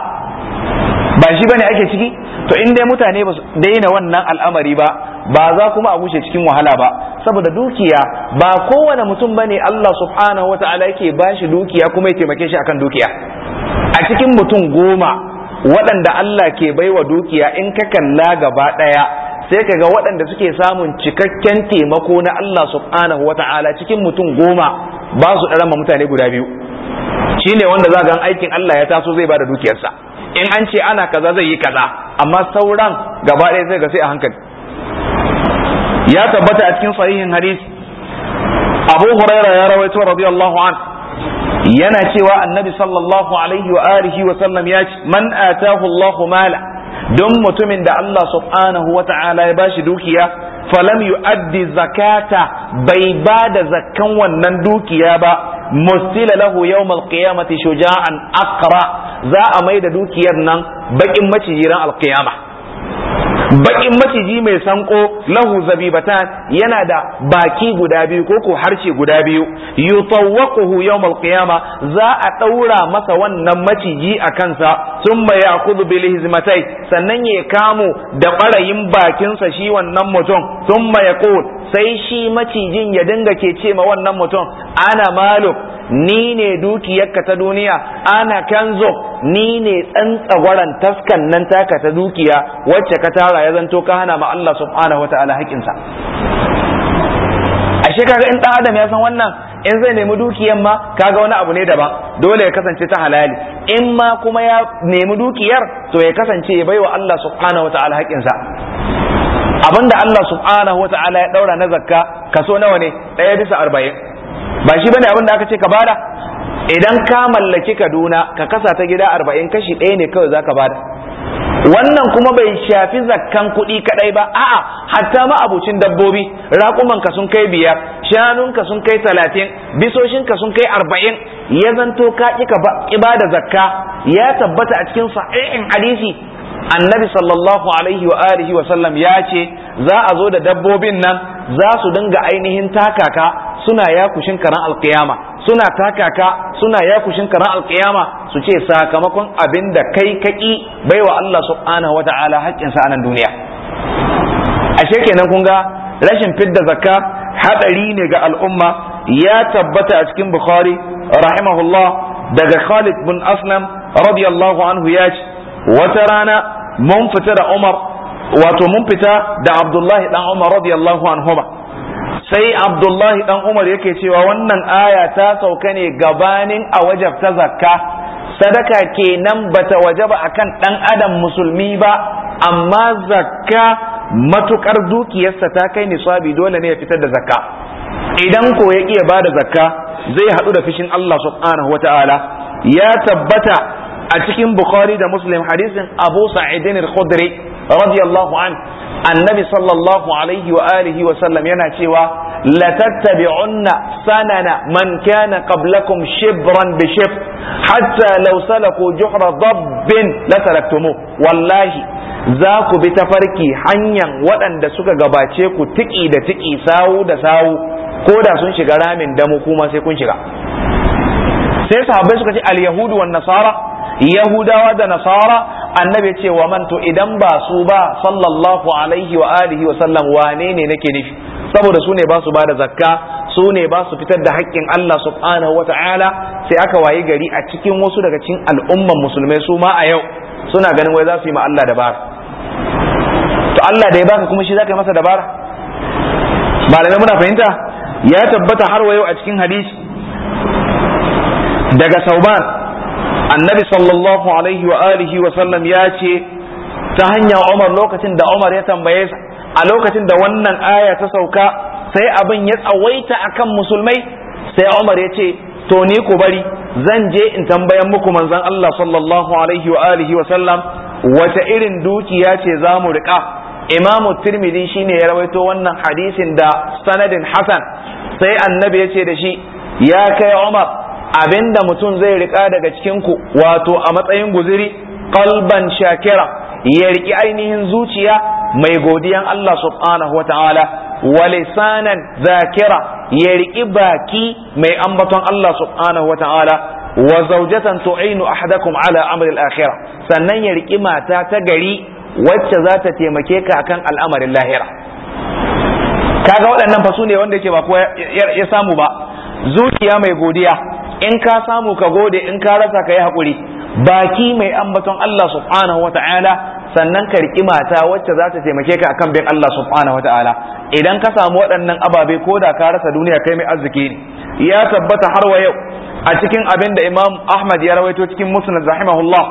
ba shi bane ake ciki to in dai mutane ba su daina wannan al'amari ba ba za kuma a gushe cikin wahala ba saboda dukiya ba kowane mutum bane Allah subhanahu wata'ala yake bashi dukiya kuma ya taimake shi akan dukiya a cikin mutum goma waɗanda Allah ke baiwa dukiya in ka kalla gaba ɗaya sai ka ga waɗanda suke samun cikakken taimako na Allah subhanahu wata'ala cikin mutum goma ba su ɗarama mutane guda biyu Shi ne wanda za ga aikin Allah ya taso zai bada dukiyarsa in an ce ana kaza zai yi kaza amma sauran gaba ɗaya zai ga sai a hankali ya tabbata a cikin sahihin hadisi abu huraira ya rawaito radiyallahu yana cewa annabi sallallahu alaihi wa wa sallam ya ce man atahu Allahu mala don mutumin da Allah subhanahu wa ta'ala ya bashi dukiya falam yu'addi zakata bai ba da zakan wannan dukiya ba mustila lahu yawmal qiyamati shuja'an aqra za a mai da dukiyar nan bakin macijiran alqiyama bakin maciji mai sanko lahu zabibatan yana da baki guda biyu ko ko harshe guda biyu yutawwaquhu yawmal qiyama za a daura masa wannan maciji a kansa thumma ya'khudhu bil hizmatai sannan ya kamo da barayin bakinsa shi wannan mutum thumma yaqul sai shi macijin ya dinga ke ce ma wannan mutum ana maluk ni ne dukiyarka ta duniya ana kanzo ni ne tsantsagwaran taskan nan taka ta dukiya wacce ka tara ya zanto ka hana ma Allah subhanahu wa haƙinsa ashe kaga in ɗan adam ya san wannan in zai nemi dukiyar ma kaga wani abu ne daban dole ya kasance ta halali in ma kuma ya nemi dukiyar to ya kasance ya baiwa Allah subhanahu wa haƙinsa abinda Allah subhanahu wa ta'ala ya daura na zakka kaso nawa ne ɗaya bisa arba'in ba shi bane abinda aka ce ka bada idan ka mallaki kaduna ka kasa ta gida arba'in kashi ɗaya ne kawai za bada wannan kuma bai shafi zakkan kuɗi kaɗai ba a'a hatta ma abucin dabbobi raƙumanka sun kai biyar shanunka sun kai talatin bisoshinka sun kai arba'in ya zanto ka ƙi ba da zakka ya tabbata a cikin sahihin hadisi annabi sallallahu alaihi wa alihi wa sallam ya ce za a zo da dabbobin nan za su dinga ainihin takaka suna yakushin karan alkiyama suna takaka suna yakushin karan alkiyama su ce sakamakon abin da kai kaki baiwa Allah subhanahu wa ta'ala haƙƙinsa a anan duniya ashe kenan kun ga rashin fidda zakka hadari ne ga al'umma ya tabbata a cikin bukhari rahimahullah daga khalid bin aslam radiyallahu anhu ya ce wata rana mun fita da Umar wato mun fita da Abdullahi dan Umar radiyallahu anhuma sai Abdullahi dan Umar yake cewa wannan aya ta sauka ne gabanin a ta zakka sadaka kenan bata wajaba akan dan adam musulmi ba amma zakka matukar dukiyarsa ta kai nisabi dole ne ya fitar da zakka idan ko ya iya bada zakka zai haɗu da fishin Allah subhanahu wata'ala ya tabbata a cikin bukhari da muslim hadisin abu sa'idin al-khudri radiyallahu an annabi sallallahu alaihi wa alihi wa sallam yana cewa la sanana man kana qablakum shibran bi shib hatta law salaku juhra dabbin la wallahi za ku bi tafarki hanyar waɗanda suka gabace ku tiki da tiki sawu da sawu ko da sun shiga ramin damu kuma sai kun shiga sai sahabbai suka ce al yahudu wan nasara yahudawa da nasara annabi ce wa man idan ba su ba sallallahu alaihi wa alihi wa sallam wane ne nake nufi saboda su ne ba su bada zakka su ne ba su fitar da haƙƙin Allah subhanahu wa ta'ala sai aka wayi gari a cikin wasu daga cikin al'umman musulmai su ma a yau suna ganin wai za su yi ma Allah dabara to Allah da ya baka kuma shi zaka yi masa dabara malamai muna fahimta ya tabbata har wa yau a cikin hadisi daga sauban annabi sallallahu alaihi wa alihi wa sallam ya ce ta hanyar umar lokacin da umar ya tambaye a lokacin da wannan aya ta sauka sai abin ya tsawaita akan musulmai sai umar ya ce to ni ku bari zan je in tambayan muku manzon Allah sallallahu alaihi wa alihi wa sallam wace irin dukiya ce za mu riƙa imamu tirmidhi shine ya rawaito wannan hadisin da sanadin hasan sai annabi ya ce da shi ya kai umar abinda mutum zai rika daga cikin ku wato a matsayin guziri qalban shakira ya riƙi ainihin zuciya mai godiyan Allah subhanahu wataala wa lisanan zakira ya riƙi baki mai ambaton Allah subhanahu wataala wa zawjatan tu'inu ahadakum ala amri al-akhirah sannan ya riki mata ta gari wacce za ta taimake ka akan al'amarin lahira kaga waɗannan fa ne wanda yake ba ko ya samu ba zuciya mai godiya in ka samu ka gode in ka rasa ka yi haƙuri baki mai ambaton Allah subhanahu wa ta'ala sannan ka riƙi mata wacce za ta taimake ka akan bin Allah subhanahu wa ta'ala idan ka samu waɗannan ababe ko da ka rasa duniya kai mai arziki ne ya tabbata har wa yau a cikin abin da Imam Ahmad ya rawaito cikin Musnad rahimahullah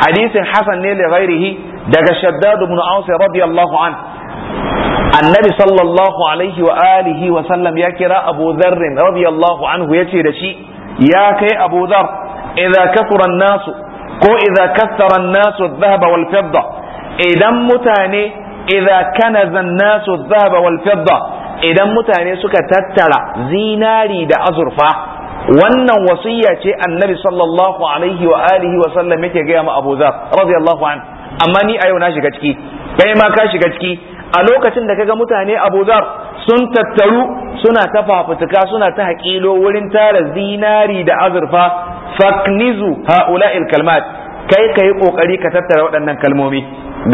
hadisin Hasan ne li ghairihi daga Shaddad ibn Aus radiyallahu an annabi sallallahu alaihi wa alihi wa sallam ya kira Abu Dharr radiyallahu anhu yace da shi ya kai abu dhar idza kasura ko idza kasara nasu dhahaba wal fidda idan mutane idza kanaza nasu dhahaba wal idan mutane suka tattara zinari da azurfa wannan wasiyya ce annabi sallallahu alaihi wa alihi wa sallam yake gaya ma abu dhar radiyallahu amma ni a yau na shiga ciki kai ma ka shiga ciki a lokacin da kaga mutane Abu Dhar sun tattaru suna ta fafutuka suna ta haƙilo wurin tara zinari da azurfa faknizu ha'ula'il kalmat kai ka yi ƙoƙari ka tattara waɗannan kalmomi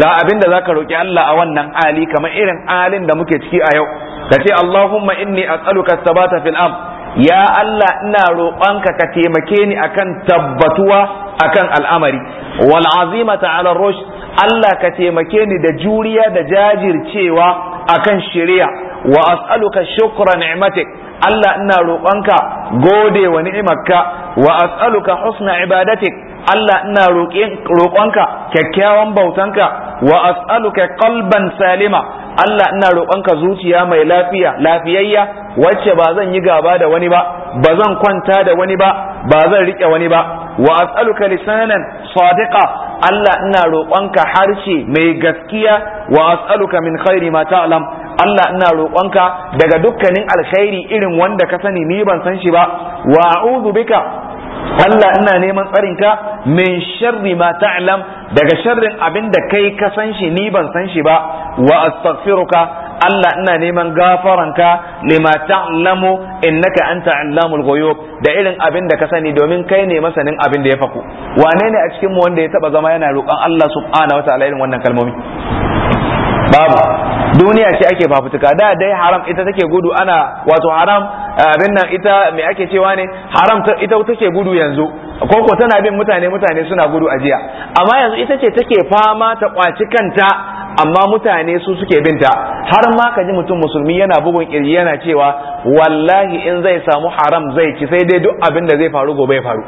ga abin da zaka roƙi Allah a wannan hali kamar irin halin da muke ciki a yau ka ce Allahumma inni as'aluka sabata fil am ya Allah ina roƙonka ka taimake ni akan tabbatuwa akan al'amari wal azimata ala rushd Allah ka taimake ni da juriya da jajircewa akan shari'a wa as'aluka shukra ni'matik Allah ina roƙonka gode wa ni'imarka wa as'aluka husna ibadatik Allah ina roƙonka kyakkyawan bautanka wa as'aluka qalban salima Allah ina roƙonka zuciya mai lafiya lafiyayya wacce ba zan yi gaba da wani ba ba zan kwanta da wani ba ba zan riƙe wani ba wa as'aluka lisanan sadiqa Allah ina roƙonka harshe mai gaskiya wa as'aluka min khairi ma ta'lam Allah ina roƙonka daga dukkanin alkhairi irin wanda ka sani ni ban san shi ba wa a'udhu bika Allah ina neman tsarinka min sharri ma ta'lam daga sharrin abin da kai ka san shi ni ban san shi ba wa astaghfiruka Allah ina neman gafaranka lima ta'lamu innaka anta allamul ghuyub da irin abin da ka sani domin kai ne masanin abin da ya faku wane ne a cikin mu wanda ya taba zama yana roƙon Allah subhanahu wataala irin wannan kalmomi babu duniya ce ake fafutuka da dai haram ita take gudu ana wato haram abin nan ita me ake cewa ne haram ita take gudu yanzu Koko tana bin mutane mutane suna gudu a jiya amma yanzu ita ce take fama ta kwaci kanta amma mutane su suke binta har ma ka ji mutum musulmi yana bugun kirji yana cewa wallahi in zai samu haram zai ci sai dai duk abin da zai faru gobe ya faru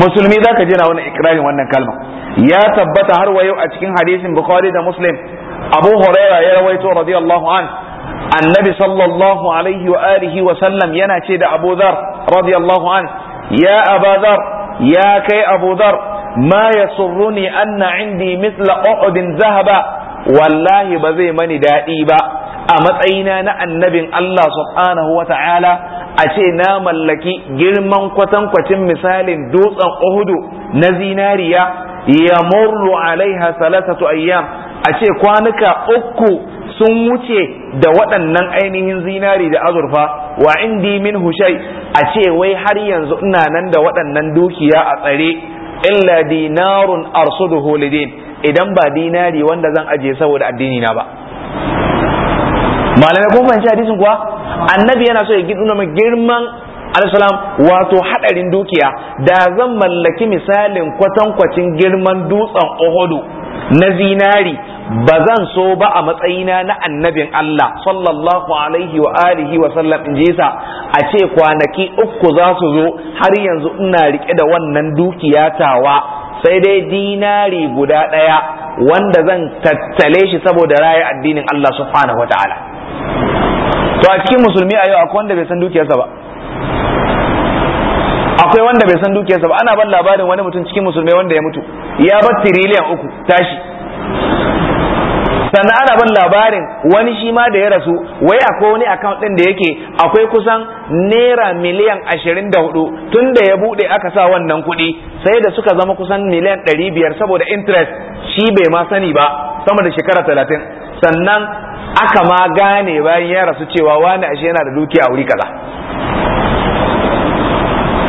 musulmi zaka ji na wannan ikrarin wannan kalma ya tabbata har wayo a cikin hadisin bukhari da muslim abu huraira ya rawaito radiyallahu an annabi sallallahu alaihi wa alihi wa sallam yana ce da abu dhar radiyallahu an ya abu dhar ya kai abu dhar ma yasurruni anna indi mithla uhudin zahaba wallahi ba zai mani daɗi ba a matsayina na annabin Allah subhanahu a ce na mallaki girman kwatankwacin misalin dutsen uhudu na zinariya ya murru alaiha salasatu ayyam a ce kwanuka uku sun wuce da waɗannan ainihin zinari da azurfa wa indi min hushai a ce wai har yanzu ina nan da waɗannan dukiya a tsare illa dinarun arsuduhu lidin idan ba dinari wanda zan ajiye saboda addini na ba malamai kun fahimci hadisin kuwa annabi yana so ya gidu na girman alisalam wato hadarin dukiya da zan mallaki misalin kwatankwacin girman dutsen ohudu na zinari ba zan so ba a matsayina na annabin Allah sallallahu alaihi wa alihi wa sallam in ji sa a ce kwanaki uku za su zo har yanzu ina rike da wannan dukiya tawa sai dai dinari guda ɗaya wanda zan tattale shi saboda raya addinin Allah subhanahu wa ta'ala to a cikin musulmi a yau akwai wanda bai san dukiyarsa ba akwai wanda bai san dukiyarsa ba ana ban labarin wani mutum cikin musulmai wanda ya mutu ya bar tiriliyan uku tashi sannan ana ban labarin wani shi ma da ya rasu wai akwai wani account din da yake akwai kusan naira miliyan ashirin da hudu tun da ya bude aka sa wannan kuɗi sai da suka zama kusan miliyan ɗari biyar saboda interest shi bai ma sani ba sama da shekara talatin sannan aka ma gane bayan ya rasu cewa wani ashe yana da dukiya a wuri kaza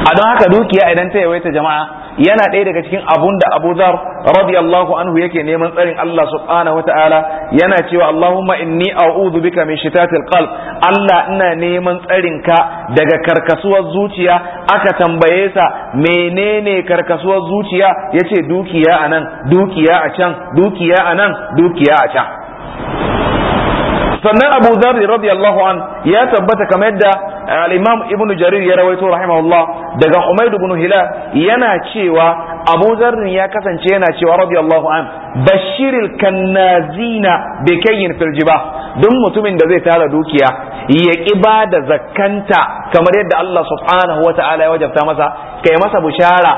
a don haka dukiya idan ta yawaita jama'a yana ɗaya daga cikin abun da Abu Dhar radiyallahu anhu yake neman tsarin Allah subhanahu ta'ala yana cewa Allahumma inni a'udhu bika min shitatil qalb Allah ina neman tsarin ka daga karkasuwar zuciya aka tambaye sa menene karkasuwar zuciya yace dukiya anan dukiya a can dukiya anan dukiya a can sannan Abu Dhar radiyallahu an ya tabbata kamar yadda eh, al-Imam Ibn Jarir ya rawaito rahimahullah daga Umayd ibn Hilal yana cewa Abu Zarr ya kasance yana cewa radiyallahu an bashiril kannazina bi kayyin fil ba. Don mutumin da zai tara dukiya ya ba da zakanta kamar yadda Allah subhanahu wa ta'ala ya wajabta masa kai masa bushara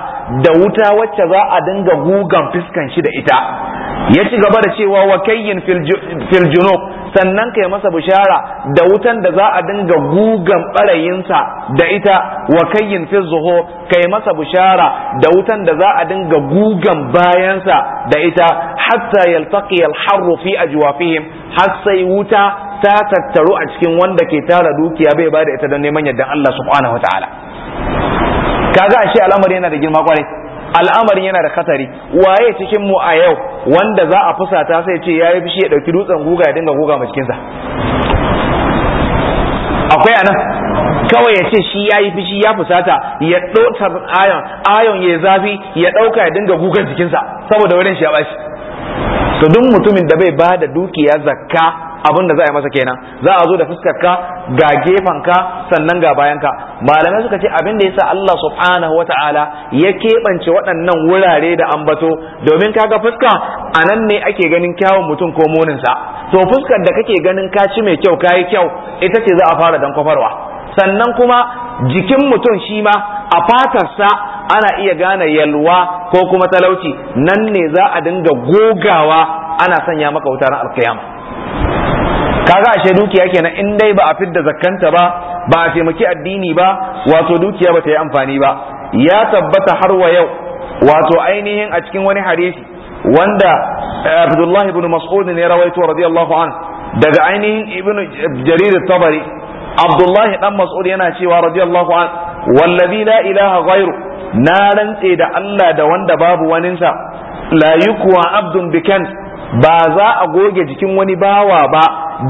da wuta wacce za a dinga gugan fiskan shi da ita ya ci gaba da cewa wa kayyin fil junub sannan kai masa bishara da wutan da za a dinga gugan barayinsa da ita wa kayyin fil zuhur kai masa bishara da wutan da za a dinga gugan bayansa da ita hatta yaltaqi al harru fi ajwafihim har sai wuta ta tattaru a cikin wanda ke tara dukiya bai bada ita don neman yadda Allah subhanahu wa ta'ala kaga ashe al'amari yana da girma kwarai al'amarin yana da katari waye cikin mu a yau wanda za a fusata sai ce ya yi fushi ya ɗauki dutsen guga ya dinga guga cikinsa akwai anan kawai ya ce shi ya yi fushi ya fusata ya dotar ayon ayon ya zafi ya ɗauka ya dinga gugar jikinsa saboda wurin shi ya bashi to duk mutumin da bai ba da dukiya zakka abin da za a yi masa kenan za a zo da fuskar ka ga gefen ka sannan ga bayan ka malamai suka ce abin da yasa Allah subhanahu wata'ala ya keɓance waɗannan wurare da ambato domin kaga fuska a nan ne ake ganin kyawun mutum ko sa to fuskar da kake ganin ka ci mai kyau kayi kyau ita ce za a fara dan kwafarwa sannan kuma jikin mutum shi ma a fatarsa ana iya gane yalwa ko kuma talauci nan ne za a dinga gogawa ana sanya maka wutar alkiyama kaga ashe dukiya kenan in dai ba a fidda zakkanta ba ba a taimaki addini ba wato dukiya ba ta yi amfani ba ya tabbata har wa yau wato ainihin a cikin wani hadisi wanda eh, Abdullah ibn Mas'ud ne rawaito radiyallahu an daga ainihin ibn Jarir tabari Abdullah dan Mas'ud yana cewa radiyallahu an wallazi la ilaha ghairu na rantse da Allah da wanda babu waninsa la yukwa abdun bikan ba za a goge jikin wani bawa ba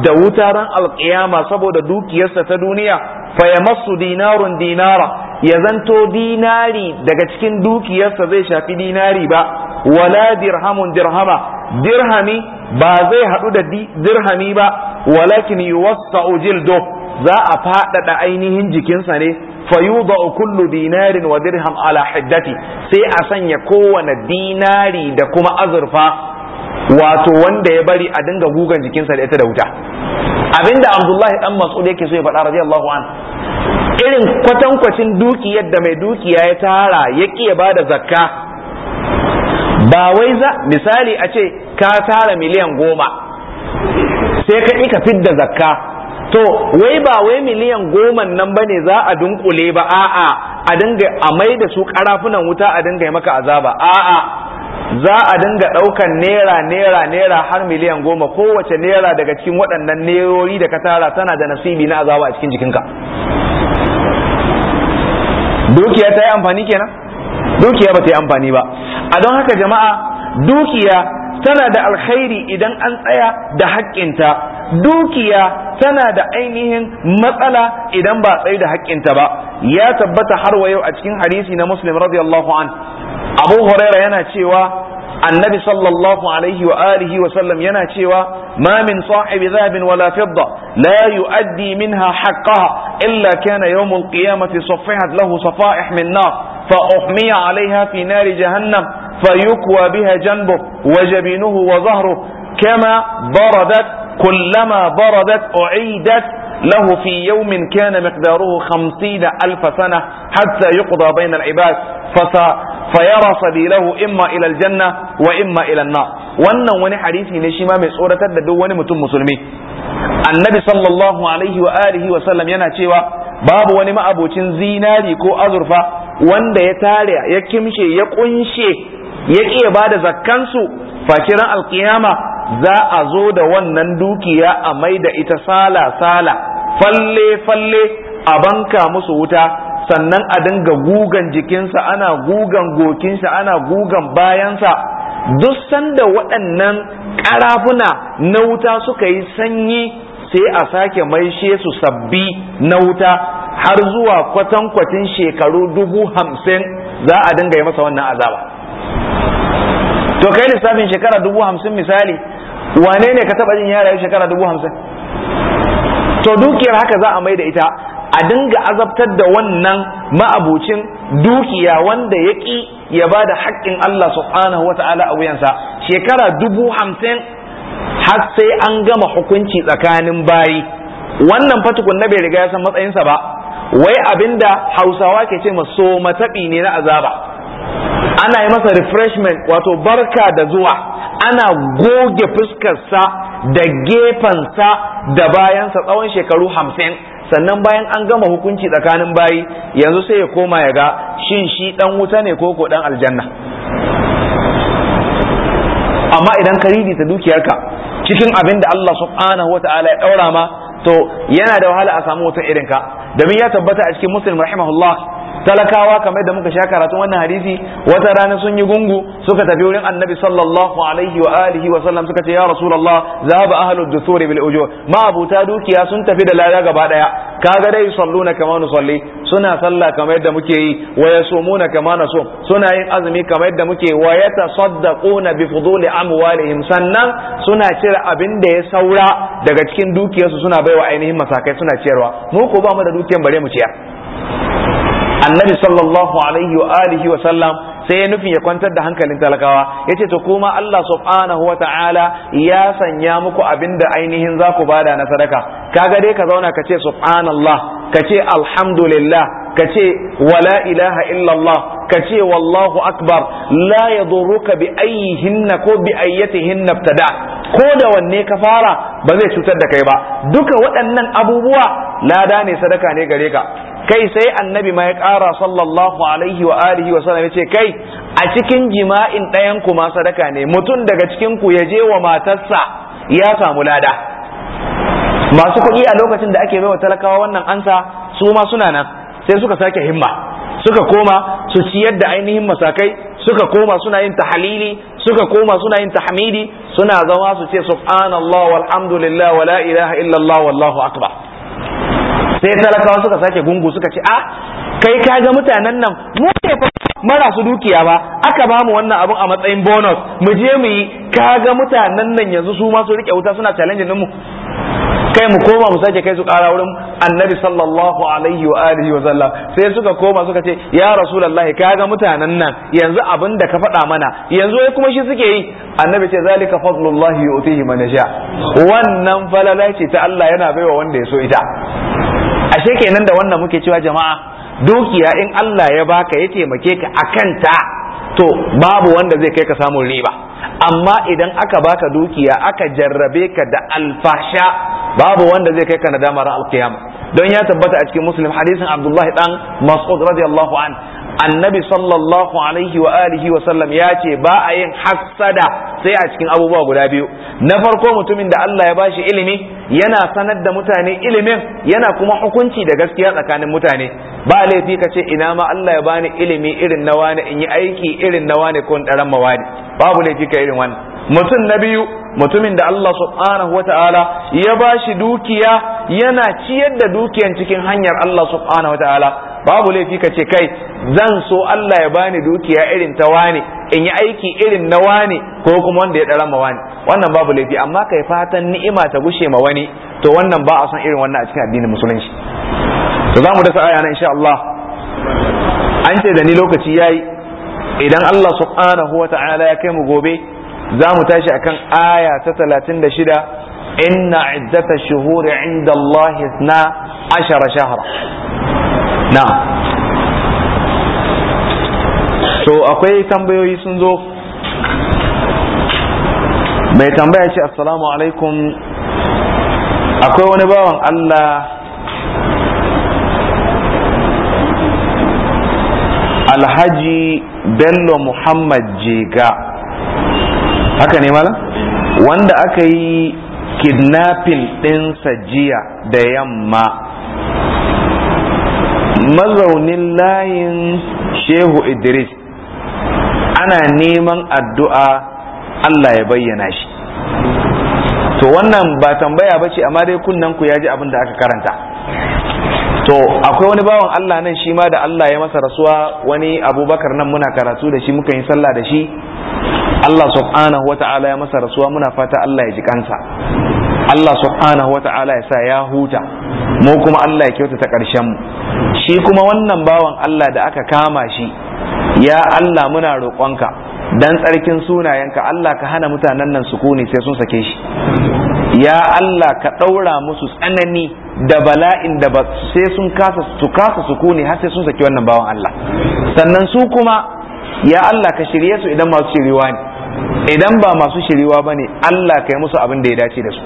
da ran alƙiyama saboda dukiyarsa ta duniya fa ya masu dinarun dinara ya zanto dinari daga cikin dukiyarsa zai shafi dinari ba wala dirhamun dirhama dirhami ba zai haɗu da dirhami ba walakin yuwassa'u jildo za a faɗaɗa ainihin jikinsa ne fayuda kullu dinarin wa dirham ala hiddati sai a sanya kowane dinari da kuma azurfa wato wanda ya bari a dinga gugan jikinsa da ita da wuta abinda abdullahi dan mas'ud yake so ya faɗa radiyallahu an irin kwatankwacin dukiyar da mai dukiya ya tara yake ya da zakka ba wai za misali a ce ka tara miliyan goma sai ka ƙi ka fidda zakka to wai ba wai miliyan goma nan bane za a dunkule ba a'a a dinga a mai da su karafunan wuta a dinga yi maka azaba a'a za a dinga daukan naira naira naira har miliyan goma kowace naira daga cikin waɗannan nerori da ka tara tana da nasibi na azaba a cikin jikinka dukiya ta yi amfani kenan dukiya ba ta yi amfani ba a don haka jama'a dukiya tana da alkhairi idan an tsaya da haƙƙinta dukiya tana da ainihin matsala idan ba tsaye da haƙƙinta ba ya tabbata har wa yau a cikin hadisi na muslim radiyallahu an abu huraira yana cewa annabi sallallahu alaihi wa alihi wa sallam yana cewa ma min sahibi zahabin wala fidda la yu'addi minha haqqaha illa kana yawm al-qiyamati safihat lahu safaih min nar fa uhmiya alaiha fi nar jahannam فيكوى بها جنبه وجبينه وظهره كما بردت كلما بردت أعيدت له في يوم كان مقداره خمسين ألف سنة حتى يقضى بين العباد فس فيرى سبيله إما إلى الجنة وإما إلى النار وأن وني حديثي نشيما من سورة الدوان متم مسلمي النبي صلى الله عليه وآله وسلم ينا babu باب ma'abocin zinari ko azurfa wanda ya tare ya kimshe ya ya ƙi ba da zakkansu fakiran alkiyama za a zo da wannan dukiya a mai da ita sala sala falle falle a banka musu wuta sannan a dinga gugan jikinsa ana gugan gokinsa ana gugan bayansa duk sanda waɗannan ƙarafuna na wuta suka yi sanyi sai a sake maishe su sabbi na wuta har zuwa kwatankwatin shekaru dubu hamsin za a dinga yi masa wannan azaba to kai lissafin shekara dubu hamsin misali wane ne ka taba jin ya rayu shekara dubu hamsin to dukiyar haka za a mai da ita a dinga azabtar da wannan ma'abucin dukiya wanda ya ƙi ya ba da haƙƙin Allah subhanahu wa ta'ala a wuyansa shekara dubu hamsin har sai an gama hukunci tsakanin bayi wannan fatukun na bai riga ya san matsayinsa ba wai abinda hausawa ke ce ma so mataɓi ne na azaba ana yi masa refreshment wato barka da zuwa ana goge fuskarsa da gefensa da bayansa tsawon shekaru hamsin sannan bayan an gama hukunci tsakanin bayi yanzu sai ya koma ya ga shin shi dan wuta ne ko ko dan aljanna amma idan ka ta dukiyarka cikin abin da Allah subhanahu wata'ala ya daura ma to yana da wahala a samu wata irinka domin ya tabbata a cikin muslim rahimahullah talakawa kamar da muka sha karatun wannan hadisi wata rana sun yi gungu suka tafi wurin annabi sallallahu alaihi wa alihi wa sallam suka ce ya rasulullah zaba ahlu dusuri bil ujur ma abuta dukiya sun tafi da lada gaba daya kaga dai salluna kama nusalli suna sallah kamar yadda muke yi wa yasumuna kama nasum suna yin azumi kamar yadda muke wa yatasaddaquna bi fuduli amwalihim sannan suna cire abin da ya saura daga cikin dukiyarsu suna baiwa ainihin masakai suna ciyarwa mu ko ba mu da dukiyar bare mu ciyar annabi sallallahu alaihi wa alihi wa sallam sai ya nufin ya kwantar da hankalin talakawa yace to kuma Allah subhanahu wa ta'ala ya sanya muku abinda ainihin za ku bada na sadaka kaga dai ka zauna ka ce subhanallah ka ce alhamdulillah ka ce wala ilaha illallah ka ce wallahu akbar la yadurruka bi ayyihinna ko bi ayyatihinna ibtada ko da wanne ka fara ba zai cutar da kai ba duka waɗannan abubuwa lada ne sadaka ne gare ka kai sai annabi ma ya kara sallallahu alaihi wa alihi wa sallam yace kai a cikin jima'in ɗayan ku ma sadaka ne mutum daga cikin ku ya je wa matarsa ya samu lada masu kuɗi a lokacin da ake baiwa talakawa wannan ansa su ma suna nan sai suka sake himma suka koma su ciyar da ainihin masakai suka koma suna yin tahalili suka koma suna yin tahmidi suna zama su ce subhanallah walhamdulillah wala ilaha illallah wallahu akbar sai talakawa suka sake gungu suka ce a ah, kai ka ga mutanen nan mu ne fa marasu dukiya ba aka ba mu wannan abun a matsayin bonus mu je mu yi ka ga mutanen nan yanzu su ma su rike wuta suna challenge din mu kai mu koma mu sake kai su kara wurin annabi sallallahu alaihi wa alihi wa sallam sai suka koma suka ce ya rasulullahi kaga mutanen nan yanzu abin da ka faɗa mana yanzu wai kuma shi suke yi annabi ce zalika fadlullahi yu'tihi man yasha wannan falala ta Allah yana baiwa wanda ya so ita ashe kenan da wannan muke cewa jama'a dukiya in Allah ya baka ya taimake ka akan ta to babu wanda zai kai ka samun riba amma idan aka baka dukiya aka jarrabe ka da alfasha babu wanda zai kai ka nadama ra'al alkiyama don ya tabbata a cikin muslim hadisin abdullahi dan mas'ud radiyallahu an annabi sallallahu alaihi wa alihi wa sallam ya ce ba a yin hassada sai a cikin abubuwa guda biyu na farko mutumin da Allah ya bashi ilimi yana sanar da mutane ilimin yana kuma hukunci da gaskiya tsakanin mutane ba laifi ka ce ina ma Allah ya bani ilimi irin na wani in yi aiki irin na wani ko in ɗaran mawani babu laifi ka irin wannan mutum na biyu mutumin da Allah subhanahu wa ta'ala ya ba shi dukiya yana ciyar da dukiyan cikin hanyar Allah subhanahu wa ta'ala babu laifi ka ce kai zan so Allah ya bani dukiya irin ta wane in yi aiki irin na wane ko kuma wanda ya ɗara ma wane wannan babu laifi amma kai fatan ni'ima ta gushe ma wani to wannan ba a san irin wannan a cikin addinin musulunci to za mu dasa aya insha Allah an ce da ni lokaci yayi idan Allah subhanahu wa ta'ala ya kai mu gobe za mu tashi akan aya ta 36 inna iddata shuhuri inda Allah na ashara shahara na to akwai tambayoyi sun zo mai tambaya ce assalamu alaikum akwai wani bawan Allah alhaji bello muhammad jega haka ne mala wanda aka yi kidnapping ɗinsa jiya da yamma mazaunin layin shehu idris ana neman addu'a allah ya bayyana shi to wannan ba tambaya ba ce amma dai kunnen ku ya ji abin da aka karanta to akwai wani bawan Allah nan shi ma da Allah ya masa rasuwa wani abubakar nan muna karatu da shi muka yi sallah da shi Allah subhanahu wa ta'ala ya masa rasuwa muna fata Allah ya ji kansa Allah subhanahu wa ta'ala ya sa ya huta mu kuma Allah ya kyautata ƙarshen mu shi kuma wannan bawan Allah da aka kama shi ya Allah muna roƙonka dan tsarkin sunayenka Allah ka hana mutanen nan sukuni sai sun sake shi ya Allah ka ɗaura musu tsanani da bala'in da ba sai sun kasa su kasa sukuni har sai sun saki wannan bawan Allah sannan su kuma ya Allah ka shirye su idan masu shiriwa ne idan ba masu shiriwa ba ne Allah kai musu abin da ya dace da su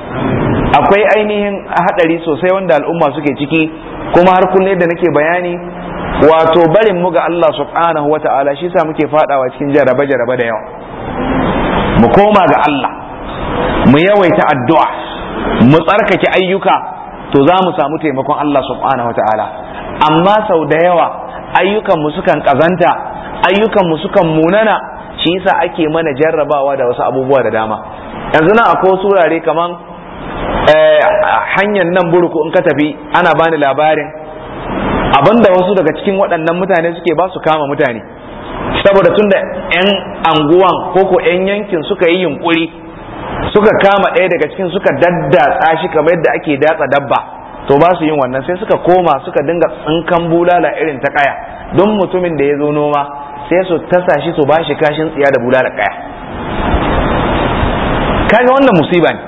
akwai ainihin hadari sosai wanda al'umma suke ciki kuma har kullum da nake bayani wato barin mu ga Allah subhanahu wa ta'ala shi sa muke fadawa cikin jarabe jarabe da yawa mu koma ga Allah mu yawaita addu'a mu tsarkake ayyuka to za mu samu taimakon Allah subhanahu wa ta'ala amma sau da yawa ayyukan mu sukan kazanta ayyukan mu sukan munana shi yasa ake mana jarrabawa da wasu abubuwa da dama yanzu nan akwai wasu wurare kaman eh, hanyar nan buruku in ka tafi ana bani labarin abinda wasu daga cikin waɗannan mutane suke ba su kama mutane saboda tunda 'yan anguwan ko ko 'yan yankin suka yi yunkuri suka kama ɗaya daga cikin suka daddatsa shi kamar yadda ake datsa dabba to ba su yin wannan sai suka koma suka dinga tsinkan bulala irin ta kaya don mutumin da ya zo noma sai su tasa shi su bashi kashin tsiya da bula da kaya kaga wannan musiba ne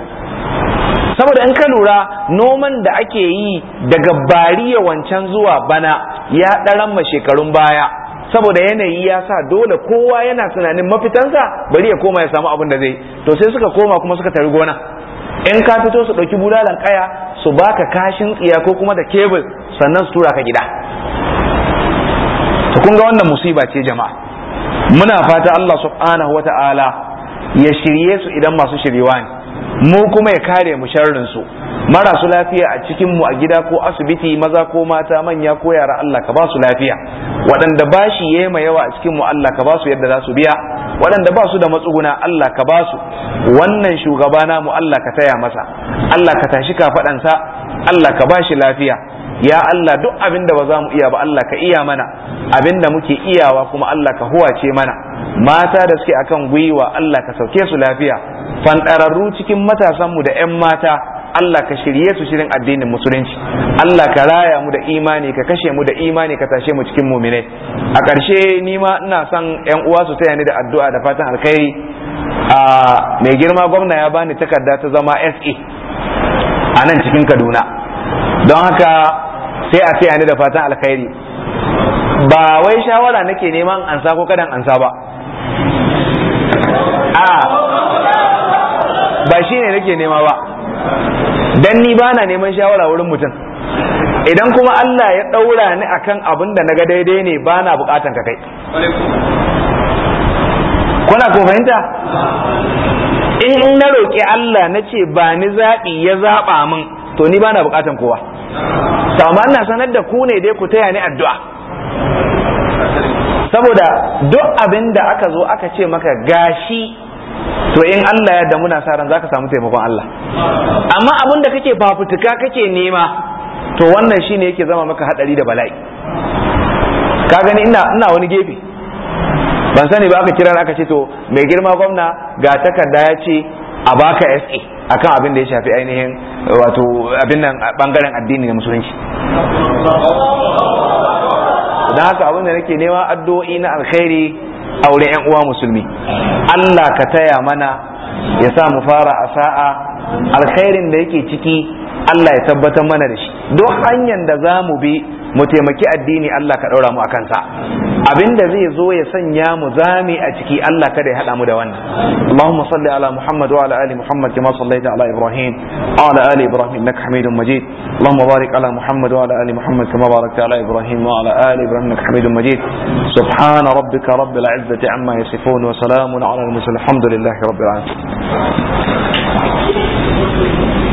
saboda in ka lura noman da ake yi daga bariya wancan zuwa bana ya ɗaran ma shekarun baya saboda yanayi ya sa dole kowa yana tunanin mafitansa bari ya koma ya samu abin da zai to sai suka koma kuma suka tari gona in ka fito su ɗauki bulalan kaya su baka kashin tsiya ko kuma da kebul sannan su tura ka gida to kun ga wannan musiba ce jama'a muna fata Allah subhanahu wa ta'ala ya shirye su idan masu shiryewa ne mu kuma ya kare mu sharrin su marasu lafiya a cikin mu a gida ko asibiti maza ko mata manya ko yara Allah ka ba su lafiya waɗanda bashi yayi ma yawa a cikin mu Allah ka ba su yadda za su biya waɗanda ba su da matsuguna Allah ka ba su wannan shugaba mu Allah ka taya masa Allah ka tashi ka sa Allah ka ba shi lafiya ya Allah duk abin da ba za mu iya ba Allah ka iya mana abin da muke iyawa kuma Allah ka huwace mana mata da suke akan gwiwa Allah ka sauke su lafiya fanɗararru cikin matasanmu da 'yan mata Allah ka shirye su shirin addinin musulunci Allah ka raya mu da imani ka kashe mu da imani ka tashe mu cikin muminai a ƙarshe ni ma ina son 'yan uwa su taya ni da addu'a da fatan alkhairi a mai girma gwamna ya bani takarda ta zama SA a nan cikin Kaduna don haka sai a ce ni da fatan alkhairi ba wai shawara nake neman ansa ko kadan ansa ba a ba shi ne nake nema ba dan ni ba na neman shawara wurin mutum idan kuma Allah ya daura ni akan abin da naga daidai ne ba na bukatan ka kai kuna ko fahimta in na roƙi Allah na ce ba ni zaɓi ya zaɓa min to ni ba na bukatan kowa to amma ina sanar da ku ne dai ku taya ni addu'a saboda duk abin da aka zo aka ce maka gashi to in Allah ya da muna sa ran zaka samu taimakon Allah amma abin da kake fafutuka kake nema to wannan shine yake zama maka hadari da bala'i ka gani ina ina wani gefe ban sani ba aka kira aka ce to mai girma gwamna ga takarda ya ce a baka SA akan abin da ya shafi ainihin wato abin nan bangaren addini da musulunci don haka abin da nake nema addu'o'i na alkhairi a wurin 'yan uwa musulmi Allah ka taya mana ya sa mu fara asa'a sa'a alkhairin da yake ciki Allah ya tabbatar mana da shi duk hanyar da za mu bi mu taimaki addini Allah ka ɗaura mu a kansa abinda zai zo ya sanya mu zame a ciki Allah kada ya haɗa mu da wannan Allahumma salli ala Muhammad wa ala ali Muhammad kama sallaita ala Ibrahim wa ala ali Ibrahim innaka Hamidum Majid Allahumma barik ala Muhammad wa ala ali Muhammad kama barakta ala Ibrahim wa ala ali Ibrahim innaka Hamidum Majid subhana rabbika rabbil izzati amma yasifun wa salamun ala al-mursalin alhamdulillahi rabbil alamin